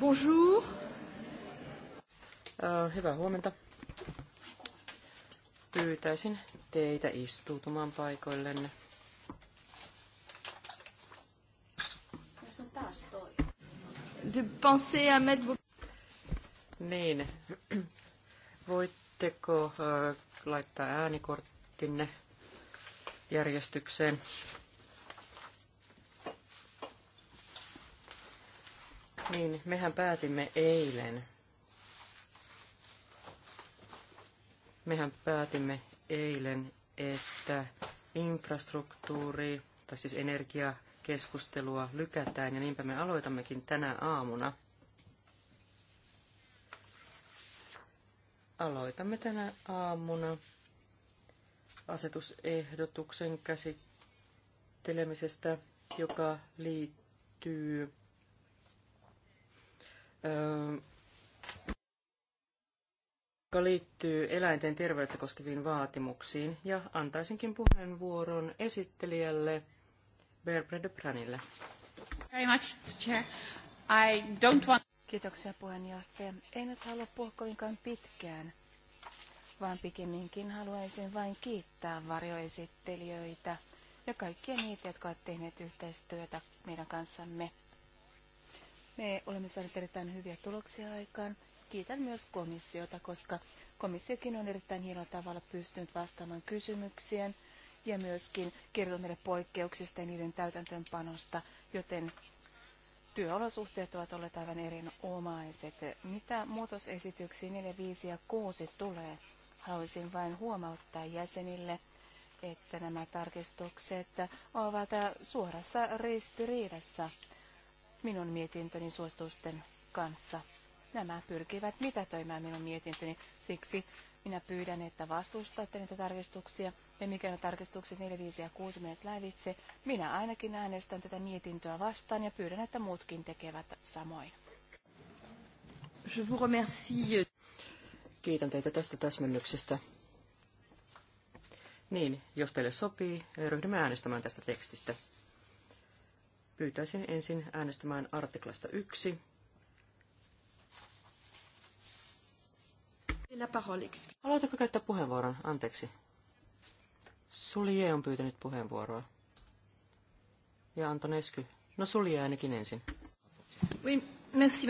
Bonjour. Äh, hyvää huomenta. Pyytäisin teitä istuutumaan paikoillenne. De penser à mettre Niin. Voitteko äh, laittaa äänikorttinne järjestykseen? Niin, mehän päätimme eilen. Mehän päätimme eilen, että infrastruktuuri, tai siis energiakeskustelua lykätään, ja niinpä me aloitammekin tänä aamuna. Aloitamme tänä aamuna asetusehdotuksen käsittelemisestä, joka liittyy joka liittyy eläinten terveyttä koskeviin vaatimuksiin, ja antaisinkin puheenvuoron esittelijälle Berbre de Pranille. Very much, Chair. I don't want... Kiitoksia puheenjohtaja. En nyt halua puhua kovinkaan pitkään, vaan pikemminkin haluaisin vain kiittää varjoesittelijöitä ja kaikkia niitä, jotka ovat tehneet yhteistyötä meidän kanssamme. Me olemme saaneet erittäin hyviä tuloksia aikaan. Kiitän myös komissiota, koska komissiokin on erittäin hienolla tavalla pystynyt vastaamaan kysymyksiin ja myöskin kertonut meille poikkeuksista ja niiden täytäntöönpanosta, joten työolosuhteet ovat olleet aivan erinomaiset. Mitä muutosesityksiin 4, 5 ja 6 tulee? Haluaisin vain huomauttaa jäsenille, että nämä tarkistukset ovat suorassa ristiriidassa minun mietintöni suositusten kanssa. Nämä pyrkivät mitätöimään minun mietintöni, siksi minä pyydän, että vastustatte niitä tarkistuksia, ja mikä on tarkistukset 4, 5 ja 6 menet lävitse, minä ainakin äänestän tätä mietintöä vastaan ja pyydän, että muutkin tekevät samoin. Je vous remercie. Kiitän teitä tästä täsmennyksestä. Niin, jos teille sopii, ryhdymme äänestämään tästä tekstistä. Pyytäisin ensin äänestämään artiklasta 1. Haluatteko käyttää puheenvuoron? Anteeksi. Sulje on pyytänyt puheenvuoroa. Ja Antonesky. No sulje ainakin ensin. Oui, merci,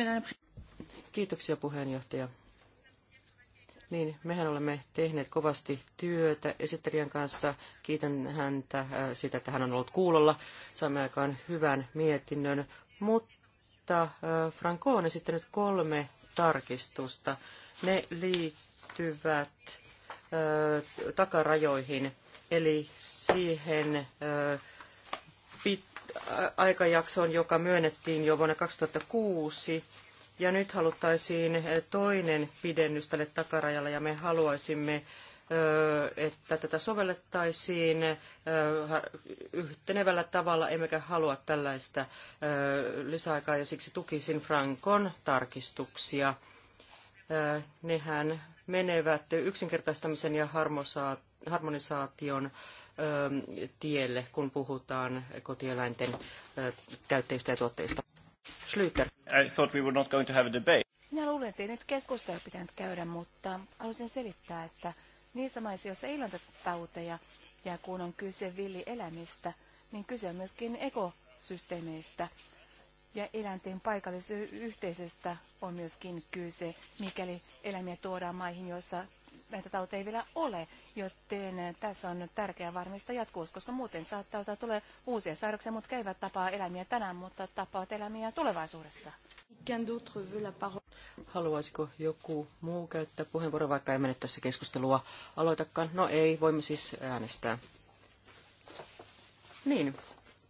Kiitoksia puheenjohtaja niin mehän olemme tehneet kovasti työtä esittelijän kanssa. Kiitän häntä äh, siitä, että hän on ollut kuulolla. Saimme aikaan hyvän mietinnön, mutta äh, Franco on esittänyt kolme tarkistusta. Ne liittyvät äh, takarajoihin, eli siihen aikajaksoon, joka myönnettiin jo vuonna 2006 ja nyt haluttaisiin toinen pidennys tälle takarajalle ja me haluaisimme, että tätä sovellettaisiin yhtenevällä tavalla, emmekä halua tällaista lisäaikaa ja siksi tukisin Frankon tarkistuksia. Nehän menevät yksinkertaistamisen ja harmonisaation tielle, kun puhutaan kotieläinten käyttäjistä ja tuotteista. Schlüter. I thought we were not going to have a debate. Minä luulen, että ei nyt keskustella pitänyt käydä, mutta haluaisin selittää, että niissä maissa, joissa ei ole tauteja ja kun on kyse villielämistä, niin kyse on myöskin ekosysteemeistä. Ja eläinten paikallisyhteisöstä on myöskin kyse, mikäli eläimiä tuodaan maihin, joissa näitä tauteja ei vielä ole, joten tässä on tärkeää varmistaa jatkuvuus, koska muuten saattaa tulla tulee uusia sairauksia, mutta käyvät tapaa eläimiä tänään, mutta tapaavat eläimiä tulevaisuudessa. Haluaisiko joku muu käyttää puheenvuoro, vaikka emme nyt tässä keskustelua aloitakaan? No ei, voimme siis äänestää. Niin,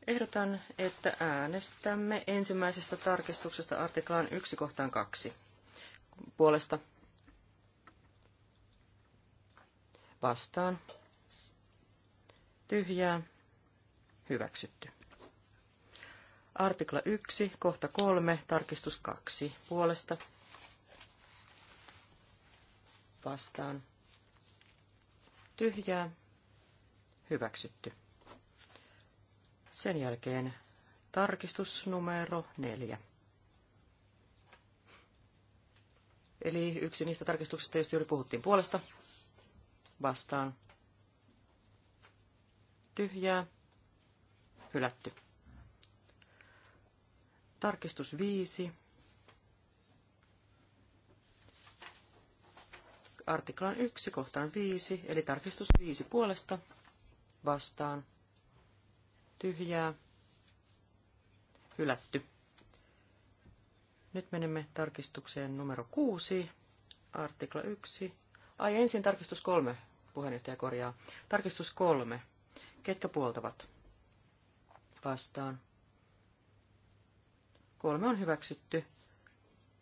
ehdotan, että äänestämme ensimmäisestä tarkistuksesta artiklaan 1 kohtaan 2. Puolesta vastaan, tyhjää, hyväksytty. Artikla 1, kohta 3, tarkistus 2, puolesta, vastaan, tyhjää, hyväksytty. Sen jälkeen tarkistus numero 4. Eli yksi niistä tarkistuksista, joista juuri puhuttiin puolesta, vastaan. Tyhjää. Hylätty. Tarkistus 5. Artiklan 1 kohtaan 5, eli tarkistus 5 puolesta vastaan. Tyhjää. Hylätty. Nyt menemme tarkistukseen numero 6, artikla 1. Ai ensin tarkistus 3 Puheenjohtaja korjaa. Tarkistus kolme. Ketkä puoltavat? Vastaan. Kolme on hyväksytty.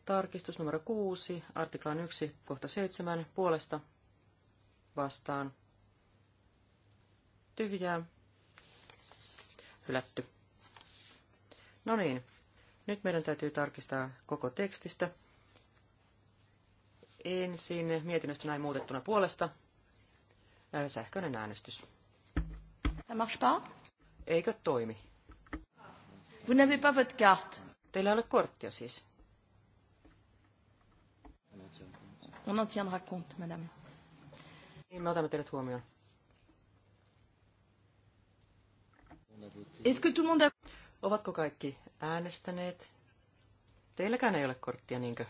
Tarkistus numero kuusi, artiklan yksi, kohta seitsemän, puolesta vastaan. Tyhjää. Hylätty. No niin, nyt meidän täytyy tarkistaa koko tekstistä. Ensin mietinnöstä näin muutettuna puolesta sähköinen äänestys. Eikö toimi? Vous n'avez pas votre carte. Teillä ei ole korttia siis. On en tiendra compte, madame. Niin, me otamme teidät huomioon. Est-ce que tout le monde a... Ovatko kaikki äänestäneet? Teilläkään ei ole korttia, niinkö?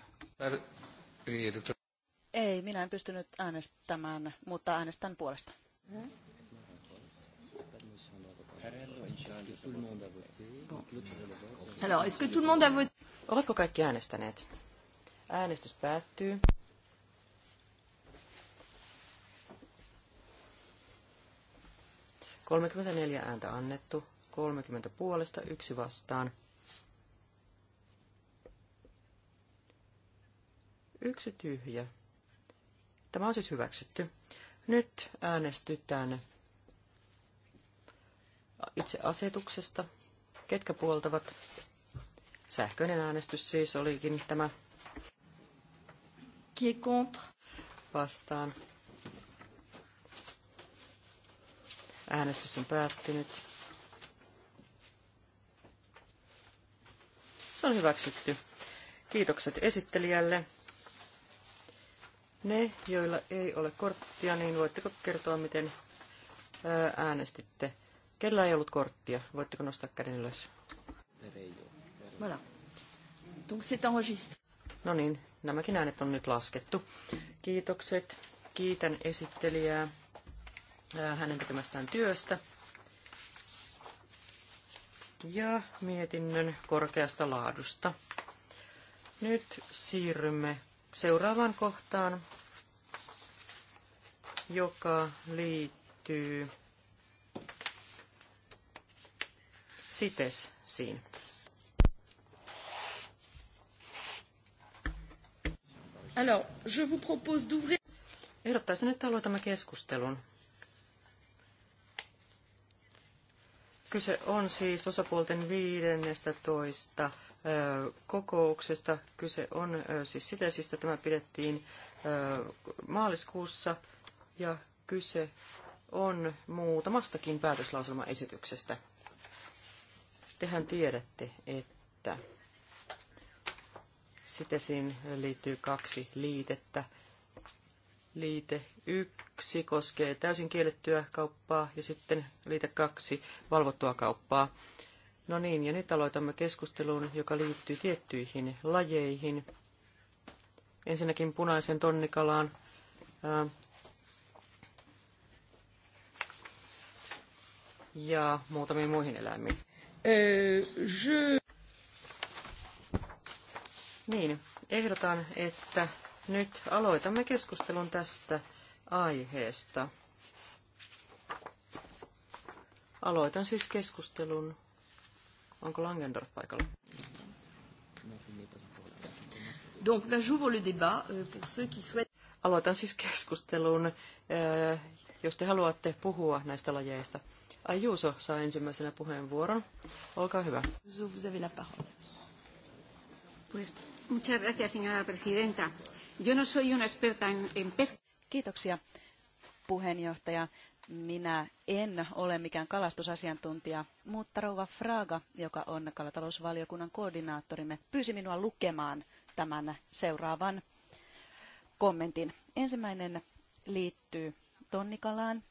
Ei, minä en pystynyt äänestämään, mutta äänestän puolesta. Hmm? Ovatko kaikki äänestäneet? Äänestys päättyy. Kolmekymmentäneljä ääntä annettu, kolmekymmentä puolesta, yksi vastaan. Yksi tyhjä. Tämä on siis hyväksytty. Nyt äänestytään itse asetuksesta. Ketkä puoltavat? Sähköinen äänestys siis olikin tämä. Qui est contre? Vastaan. Äänestys on päättynyt. Se on hyväksytty. Kiitokset esittelijälle. Ne, joilla ei ole korttia, niin voitteko kertoa, miten äänestitte? Kellä ei ollut korttia? Voitteko nostaa käden ylös? No niin, nämäkin äänet on nyt laskettu. Kiitokset. Kiitän esittelijää hänen tekemästään työstä ja mietinnön korkeasta laadusta. Nyt siirrymme seuraavaan kohtaan, joka liittyy sitesiin. Alors, je vous propose d'ouvrir... Ehdottaisin, että aloitamme keskustelun. Kyse on siis osapuolten 15 kokouksesta. Kyse on siis Sitesistä. Tämä pidettiin maaliskuussa ja kyse on muutamastakin päätöslauselmaesityksestä. Tehän tiedätte, että Sitesiin liittyy kaksi liitettä. Liite yksi koskee täysin kiellettyä kauppaa ja sitten liite kaksi valvottua kauppaa. No niin, ja nyt aloitamme keskustelun, joka liittyy tiettyihin lajeihin. Ensinnäkin punaisen tonnikalaan. ja muutamiin muihin eläimiin. Je... Niin, ehdotan, että nyt aloitamme keskustelun tästä aiheesta. Aloitan siis keskustelun Onko Langendorf paikalla? Donc là j'ouvre le débat euh, pour ceux qui souhaitent... Aloitan siis keskustelun, äh, jos te haluatte puhua näistä lajeista. Ajuso saa ensimmäisenä puheenvuoron. Olkaa hyvä. Vous avez la parole. Pues, muchas gracias, señora presidenta. Yo no soy una experta en, en pesca. Kiitoksia, puheenjohtaja. Minä en ole mikään kalastusasiantuntija, mutta rouva Fraga, joka on kalatalousvaliokunnan koordinaattorimme, pyysi minua lukemaan tämän seuraavan kommentin. Ensimmäinen liittyy tonnikalaan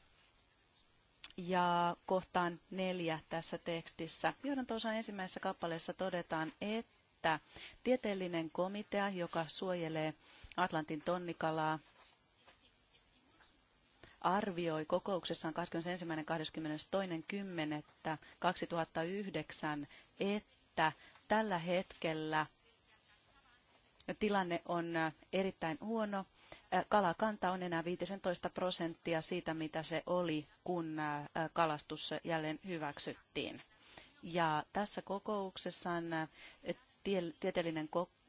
ja kohtaan neljä tässä tekstissä. tuossa ensimmäisessä kappaleessa todetaan, että tieteellinen komitea, joka suojelee Atlantin tonnikalaa, arvioi kokouksessaan 21.22.10.2009, että tällä hetkellä tilanne on äh, erittäin huono. Äh, kalakanta on enää 15 prosenttia siitä, mitä se oli, kun äh, kalastus jälleen hyväksyttiin. Ja tässä kokouksessaan tieteellinen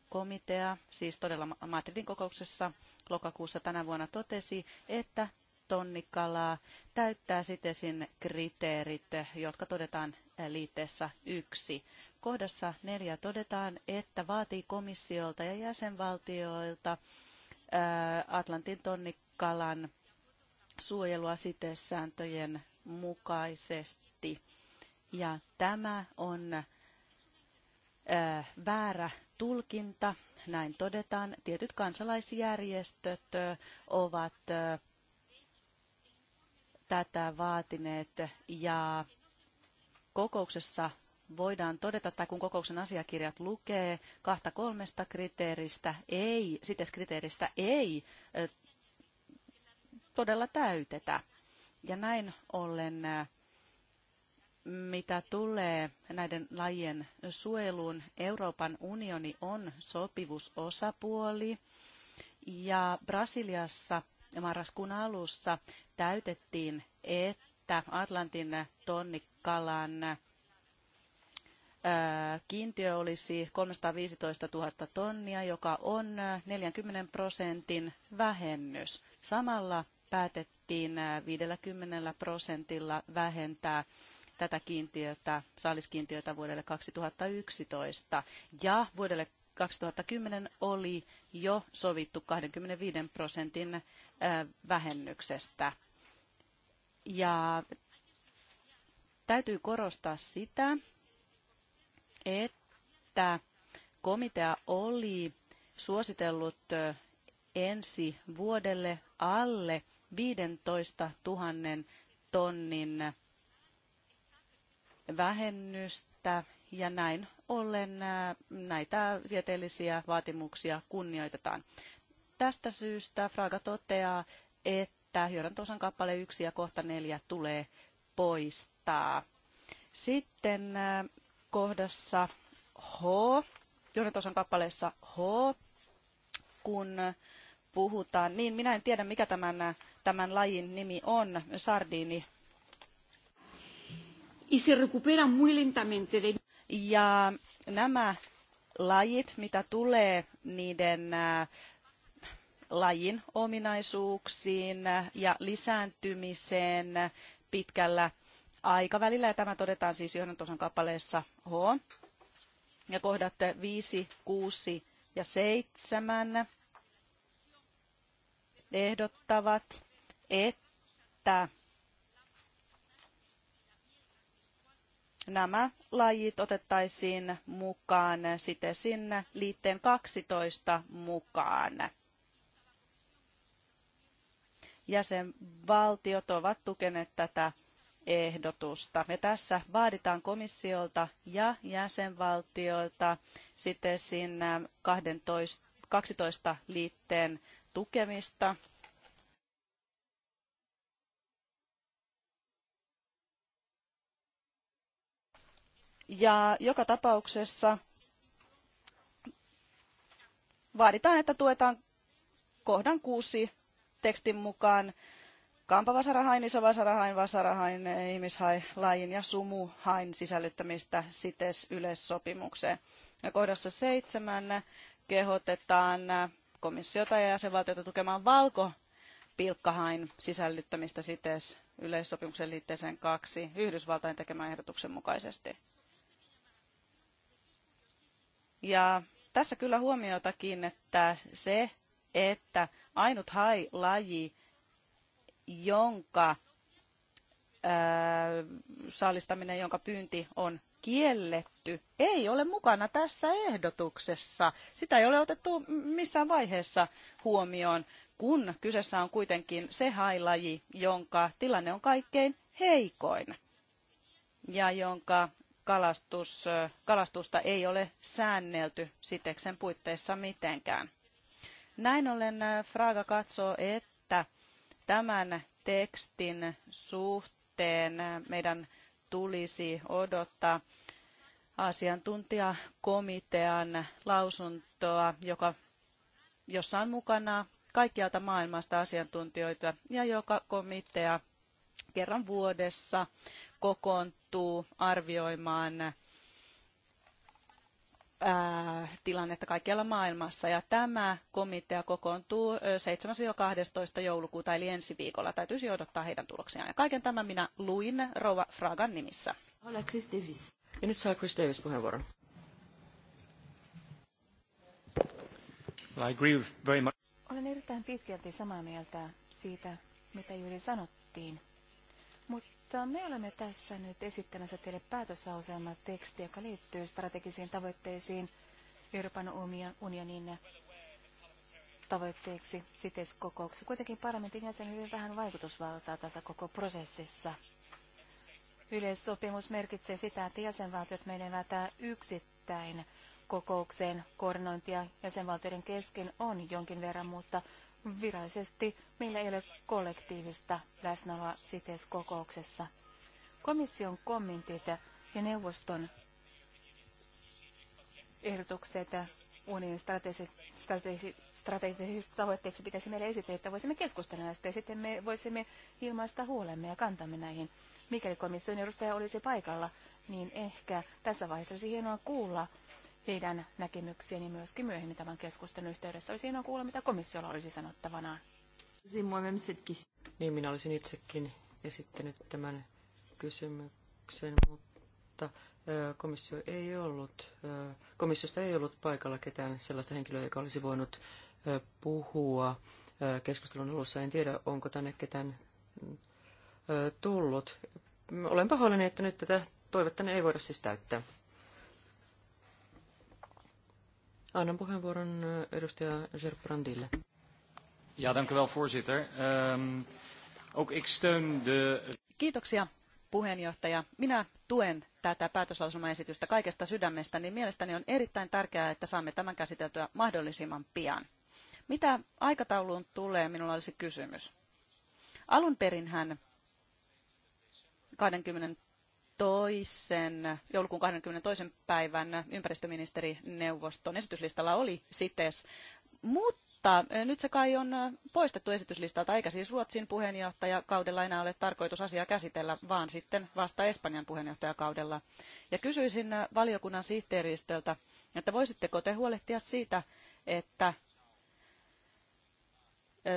komitea, siis todella Madridin kokouksessa lokakuussa tänä vuonna totesi, että tonnikalaa täyttää sitten sinne kriteerit, jotka todetaan liitteessä yksi. Kohdassa neljä todetaan, että vaatii komissiolta ja jäsenvaltioilta Atlantin tonnikalan suojelua sitesääntöjen mukaisesti. Ja tämä on väärä tulkinta. Näin todetaan. Tietyt kansalaisjärjestöt ovat tätä vaatineet ja kokouksessa voidaan todeta, tai kun kokouksen asiakirjat lukee, kahta kolmesta kriteeristä ei, kriteeristä ei todella täytetä. Ja näin ollen, mitä tulee näiden lajien suojeluun, Euroopan unioni on sopivusosapuoli. Ja Brasiliassa marraskuun alussa täytettiin, että Atlantin tonnikalan kiintiö olisi 315 000 tonnia, joka on 40 prosentin vähennys. Samalla päätettiin 50 prosentilla vähentää tätä kiintiötä, saaliskiintiötä vuodelle 2011 ja vuodelle 2010 oli jo sovittu 25 prosentin vähennyksestä. Ja täytyy korostaa sitä, että komitea oli suositellut ensi vuodelle alle 15 000 tonnin vähennystä ja näin ollen näitä tieteellisiä vaatimuksia kunnioitetaan. Tästä syystä Fraga toteaa, että että Jörantousan kappale 1 ja kohta 4 tulee poistaa. Sitten äh, kohdassa H, Jörantousan kappaleessa H, kun puhutaan, niin minä en tiedä mikä tämän, tämän lajin nimi on, Sardini. Y se recupera muy lentamente de... Ja nämä lajit, mitä tulee niiden äh, lajin ominaisuuksiin ja lisääntymiseen pitkällä aikavälillä. Ja tämä todetaan siis johdantosan kappaleessa H. Ja kohdat 5, 6 ja 7 ehdottavat, että nämä lajit otettaisiin mukaan sitten sinne liitteen 12 mukaan jäsenvaltiot ovat tukeneet tätä ehdotusta. Ja tässä vaaditaan komissiolta ja jäsenvaltioilta sitten siinä 12, 12 liitteen tukemista Ja joka tapauksessa vaaditaan, että tuetaan kohdan kuusi tekstin mukaan kampavasarahain, isovasarahain, vasarahain, ihmishai, lajin ja sumuhain sisällyttämistä sites yleissopimukseen. Ja kohdassa seitsemän kehotetaan komissiota ja jäsenvaltioita tukemaan pilkkahain sisällyttämistä sites yleissopimuksen liitteeseen kaksi Yhdysvaltain tekemän ehdotuksen mukaisesti. Ja tässä kyllä huomiota kiinnittää se, että ainut hai-laji, jonka saalistaminen, jonka pyynti on kielletty, ei ole mukana tässä ehdotuksessa. Sitä ei ole otettu missään vaiheessa huomioon, kun kyseessä on kuitenkin se hailaji, jonka tilanne on kaikkein heikoin ja jonka kalastus, kalastusta ei ole säännelty siteksen puitteissa mitenkään. Näin ollen äh, Fraga katsoo, että tämän tekstin suhteen äh, meidän tulisi odottaa asiantuntijakomitean lausuntoa, joka, jossa on mukana kaikkialta maailmasta asiantuntijoita ja joka komitea kerran vuodessa kokoontuu arvioimaan Äh, tilannetta kaikkialla maailmassa. Ja tämä komitea kokoontuu 7-12 äh, joulukuuta eli ensi viikolla. Täytyisi odottaa heidän tuloksiaan. Ja kaiken tämän minä luin Rova Fragan nimissä. Hola Chris Davis. Ja nyt saa Chris Davis puheenvuoron. Olen erittäin pitkälti samaa mieltä siitä, mitä juuri sanottiin. Mutta että me olemme tässä nyt esittämässä teille päätösauselman teksti, joka liittyy strategisiin tavoitteisiin Euroopan unionin tavoitteeksi siteskokouksessa. Kuitenkin parlamentin jäsen hyvin vähän vaikutusvaltaa tässä koko prosessissa. Yleissopimus merkitsee sitä, että jäsenvaltiot menevät yksittäin kokoukseen. Koordinointia jäsenvaltioiden kesken on jonkin verran, mutta virallisesti meillä ei ole kollektiivista läsnäoloa kokouksessa. Komission kommentit ja neuvoston ehdotukset unionin strategisista tavoitteista pitäisi meille esitellä, että voisimme keskustella näistä ja sitten me voisimme ilmaista huolemme ja kantamme näihin. Mikäli komission edustaja olisi paikalla, niin ehkä tässä vaiheessa olisi hienoa kuulla teidän näkemyksiäni myöskin myöhemmin tämän keskustelun yhteydessä. Olisi hienoa kuulla, mitä komissiolla olisi sanottavanaan. Niin, minä olisin itsekin esittänyt tämän kysymyksen, mutta komissio ei ollut, komissiosta ei ollut paikalla ketään sellaista henkilöä, joka olisi voinut puhua keskustelun alussa. En tiedä, onko tänne ketään tullut. Olen pahoillani, että nyt tätä toivottavasti ei voida siis täyttää. Annan puheenvuoron edustaja Gerbrandille. Ja, dank u wel, voorzitter. Um, ook ik steun de... Kiitoksia, puheenjohtaja. Minä tuen tätä päätöslausumaesitystä kaikesta sydämestä, niin mielestäni on erittäin tärkeää, että saamme tämän käsiteltyä mahdollisimman pian. Mitä aikatauluun tulee, minulla olisi kysymys. Alun perinhän 20 toisen, joulukuun 22. päivän ympäristöministerineuvoston esityslistalla oli CITES, mutta nyt se kai on poistettu esityslistalta, eikä siis Ruotsin puheenjohtajakaudella enää ole tarkoitus asiaa käsitellä, vaan sitten vasta Espanjan puheenjohtajakaudella. Ja kysyisin valiokunnan sihteeristöltä, että voisitteko te huolehtia siitä, että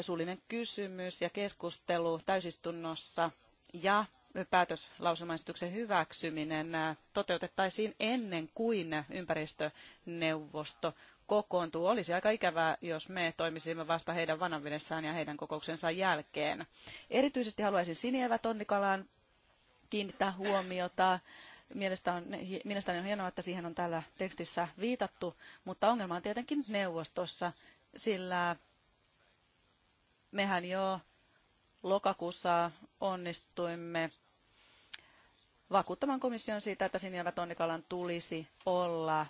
suullinen kysymys ja keskustelu täysistunnossa ja päätöslausumaisityksen hyväksyminen toteutettaisiin ennen kuin ympäristöneuvosto kokoontuu. Olisi aika ikävää, jos me toimisimme vasta heidän vananvedessään ja heidän kokouksensa jälkeen. Erityisesti haluaisin Sinievä Tonnikalaan kiinnittää huomiota. Mielestäni on, mielestäni on hienoa, että siihen on täällä tekstissä viitattu, mutta ongelma on tietenkin neuvostossa, sillä mehän jo lokakuussa onnistuimme vakuuttamaan komission siitä, että sinijävä tonnikalan tulisi olla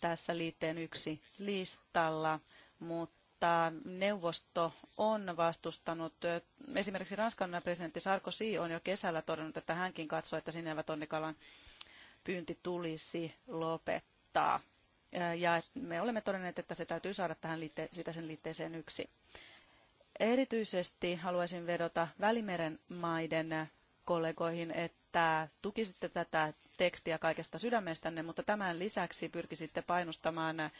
tässä liitteen yksi listalla, mutta neuvosto on vastustanut. Esimerkiksi Ranskan presidentti Sarkozy on jo kesällä todennut, että hänkin katsoo, että sinijävä tonnikalan pyynti tulisi lopettaa. Ja me olemme todenneet, että se täytyy saada tähän liitte- sitä sen liitteeseen yksi. Erityisesti haluaisin vedota Välimeren maiden kollegoihin, että tukisitte tätä tekstiä kaikesta sydämestänne, mutta tämän lisäksi pyrkisitte painostamaan äh,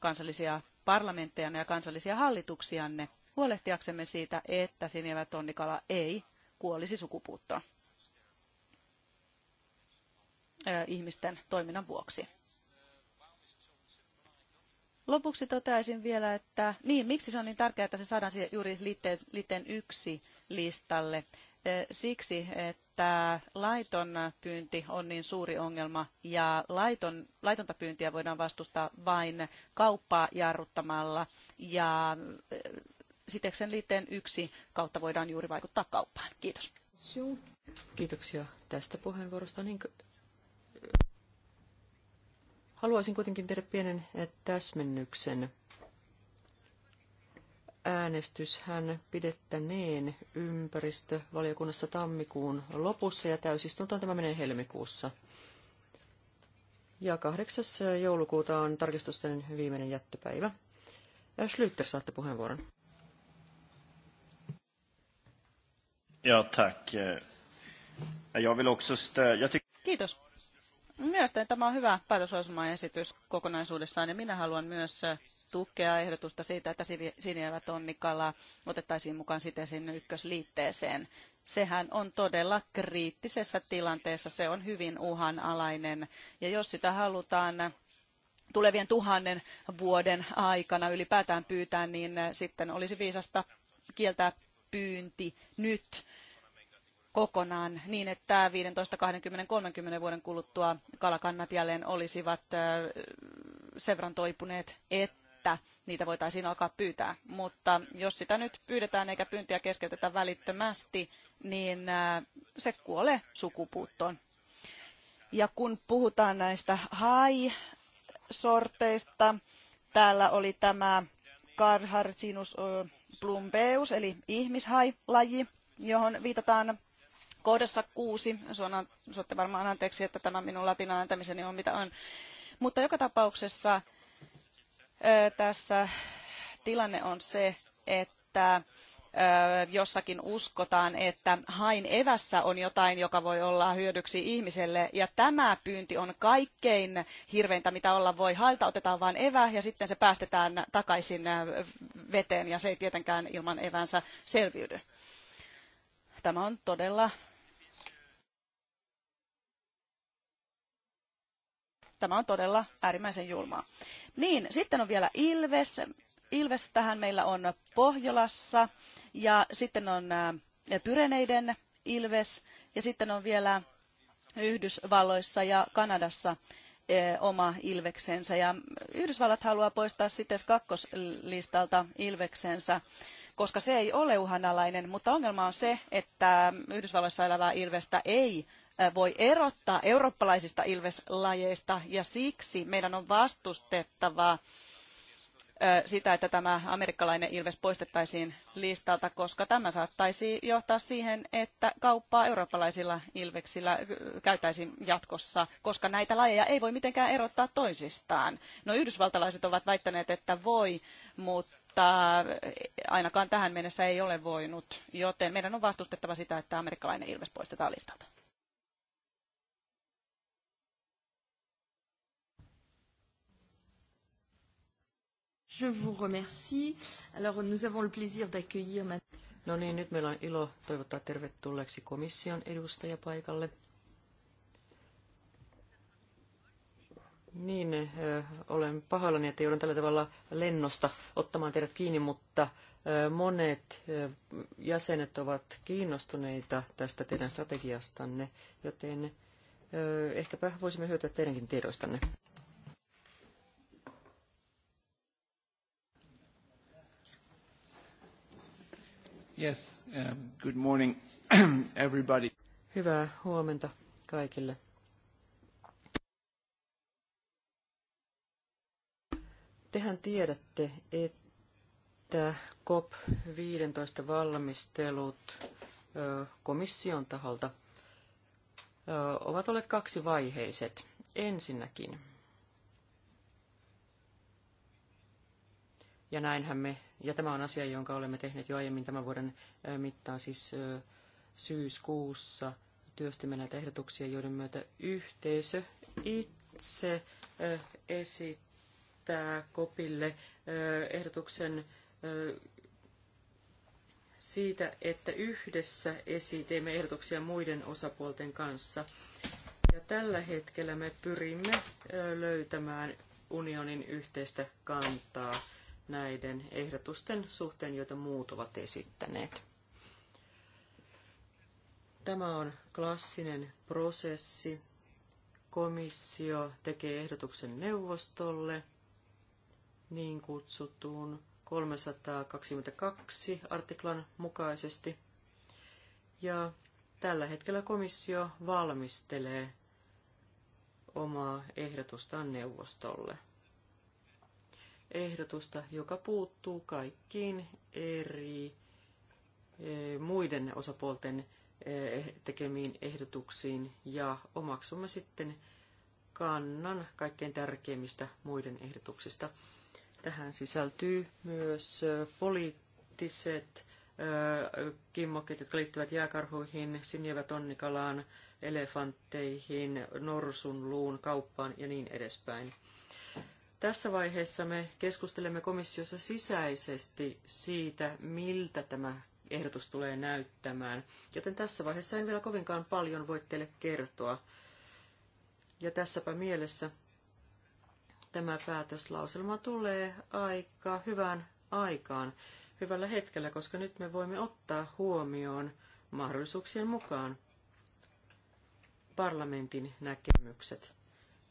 kansallisia parlamenttejanne ja kansallisia hallituksianne huolehtiaksemme siitä, että sinivä tonnikala ei kuolisi sukupuuttoon äh, ihmisten toiminnan vuoksi. Lopuksi toteaisin vielä, että niin, miksi se on niin tärkeää, että se saadaan siihen juuri liitteen, liitteen yksi listalle. Siksi, että laiton pyynti on niin suuri ongelma ja laiton, laitonta pyyntiä voidaan vastustaa vain kauppaa jarruttamalla ja siteksen liitteen yksi kautta voidaan juuri vaikuttaa kauppaan. Kiitos. Kiitoksia tästä puheenvuorosta. Niin Haluaisin kuitenkin tehdä pienen eh, täsmennyksen. Äänestyshän pidettäneen ympäristövaliokunnassa tammikuun lopussa ja täysistuntoon tämä menee helmikuussa. Ja 8. joulukuuta on tarkistusten viimeinen jättöpäivä. Schlüter, saatte puheenvuoron. Ja, tack. Eh, jag vill också stö... Jag tyck... Kiitos. Mielestäni tämä on hyvä päätösosuma-esitys kokonaisuudessaan ja minä haluan myös tukea ehdotusta siitä, että sinievä tonnikala otettaisiin mukaan siten sinne ykkösliitteeseen. Sehän on todella kriittisessä tilanteessa, se on hyvin uhanalainen ja jos sitä halutaan tulevien tuhannen vuoden aikana ylipäätään pyytää, niin sitten olisi viisasta kieltää pyynti nyt kokonaan niin, että 15, 20, 30 vuoden kuluttua kalakannat jälleen olisivat sen verran toipuneet, että niitä voitaisiin alkaa pyytää. Mutta jos sitä nyt pyydetään eikä pyyntiä keskeytetä välittömästi, niin se kuolee sukupuuttoon. Ja kun puhutaan näistä hai-sorteista, täällä oli tämä Carharsinus plumbeus, eli ihmishai-laji, johon viitataan Kohdassa kuusi, suotte varmaan anteeksi, että tämä minun latina on mitä on, mutta joka tapauksessa tässä tilanne on se, että jossakin uskotaan, että hain evässä on jotain, joka voi olla hyödyksi ihmiselle. Ja tämä pyynti on kaikkein hirveintä, mitä olla voi. Hailta otetaan vain evä ja sitten se päästetään takaisin veteen ja se ei tietenkään ilman evänsä selviydy. Tämä on todella Tämä on todella äärimmäisen julmaa. Niin, sitten on vielä Ilves. Ilves tähän meillä on Pohjolassa ja sitten on äh, Pyreneiden Ilves ja sitten on vielä Yhdysvalloissa ja Kanadassa äh, oma ilveksensä. Ja Yhdysvallat haluaa poistaa sitten kakkoslistalta ilveksensä, koska se ei ole uhanalainen, mutta ongelma on se, että Yhdysvalloissa elävää ilvestä ei voi erottaa eurooppalaisista ilveslajeista ja siksi meidän on vastustettava sitä, että tämä amerikkalainen ilves poistettaisiin listalta, koska tämä saattaisi johtaa siihen, että kauppaa eurooppalaisilla ilveksillä käytäisiin jatkossa, koska näitä lajeja ei voi mitenkään erottaa toisistaan. No yhdysvaltalaiset ovat väittäneet, että voi, mutta ainakaan tähän mennessä ei ole voinut, joten meidän on vastustettava sitä, että amerikkalainen ilves poistetaan listalta. Je vous remercie. Alors, nous avons le plaisir d'accueillir maintenant. No niin, nyt meillä on ilo toivottaa tervetulleeksi komission edustaja paikalle. Niin, eh, olen pahoillani, että joudun tällä tavalla lennosta ottamaan teidät kiinni, mutta eh, monet eh, jäsenet ovat kiinnostuneita tästä teidän strategiastanne, joten ehkäpä voisimme hyötyä teidänkin tiedoistanne. Yes, um, good morning everybody. Hyvää huomenta kaikille. Tehän tiedätte, että COP15 valmistelut komission taholta ovat olleet kaksivaiheiset. Ensinnäkin Ja näinhän me, ja tämä on asia, jonka olemme tehneet jo aiemmin tämän vuoden mittaan, siis syyskuussa työstimme näitä ehdotuksia, joiden myötä yhteisö itse esittää kopille ehdotuksen siitä, että yhdessä esiteemme ehdotuksia muiden osapuolten kanssa. Ja tällä hetkellä me pyrimme löytämään unionin yhteistä kantaa näiden ehdotusten suhteen, joita muut ovat esittäneet. Tämä on klassinen prosessi. Komissio tekee ehdotuksen neuvostolle niin kutsutun 322 artiklan mukaisesti. Ja tällä hetkellä komissio valmistelee omaa ehdotustaan neuvostolle ehdotusta, joka puuttuu kaikkiin eri e, muiden osapuolten e, tekemiin ehdotuksiin ja omaksumme sitten kannan kaikkein tärkeimmistä muiden ehdotuksista. Tähän sisältyy myös e, poliittiset kimmokkeet, jotka liittyvät jääkarhuihin, onnikalaan, elefantteihin, norsunluun, kauppaan ja niin edespäin. Tässä vaiheessa me keskustelemme komissiossa sisäisesti siitä, miltä tämä ehdotus tulee näyttämään, joten tässä vaiheessa en vielä kovinkaan paljon voi teille kertoa. Ja tässäpä mielessä tämä päätöslauselma tulee aika hyvään aikaan, hyvällä hetkellä, koska nyt me voimme ottaa huomioon mahdollisuuksien mukaan parlamentin näkemykset